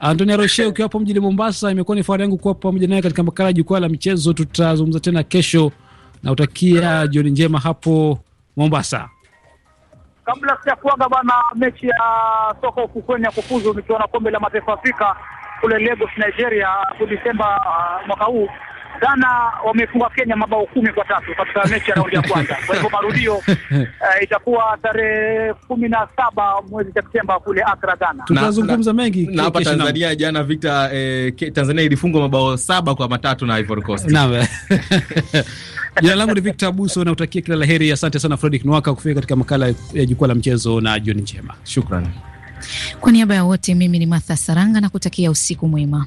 G: Antonia Roche, ukiwa hapo mjini Mombasa, imekuwa ni fahari yangu kuwa pamoja naye katika makala ya jukwaa la michezo. Tutazungumza tena kesho na utakia jioni njema hapo Mombasa.
H: Kabla sijakuaga bwana, mechi ya soka ufukweni ya kufuzu michuano ya kombe la mataifa Afrika kule Lagos, Nigeria, Desemba uh, mwaka huu Ghana wamefunga Kenya mabao kumi kwa tatu katika mechi ya raundi ya kwanza. Kwa hivyo marudio uh, itakuwa tarehe kumi na saba mwezi Septemba kule Accra, Ghana. Tutazungumza mengi
D: na hapa Tanzania jana Victor, eh, Tanzania ilifungwa mabao saba kwa matatu na Ivory
G: Coast. Naam. Jina langu ni Victor Abuso na utakia kila laheri. Asante sana Fredrick Nwaka kufika katika makala ya jukwaa la mchezo na jioni njema. Shukrani.
A: Kwa niaba ya wote mimi ni Martha Saranga na kutakia usiku mwema.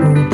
A: Ooh.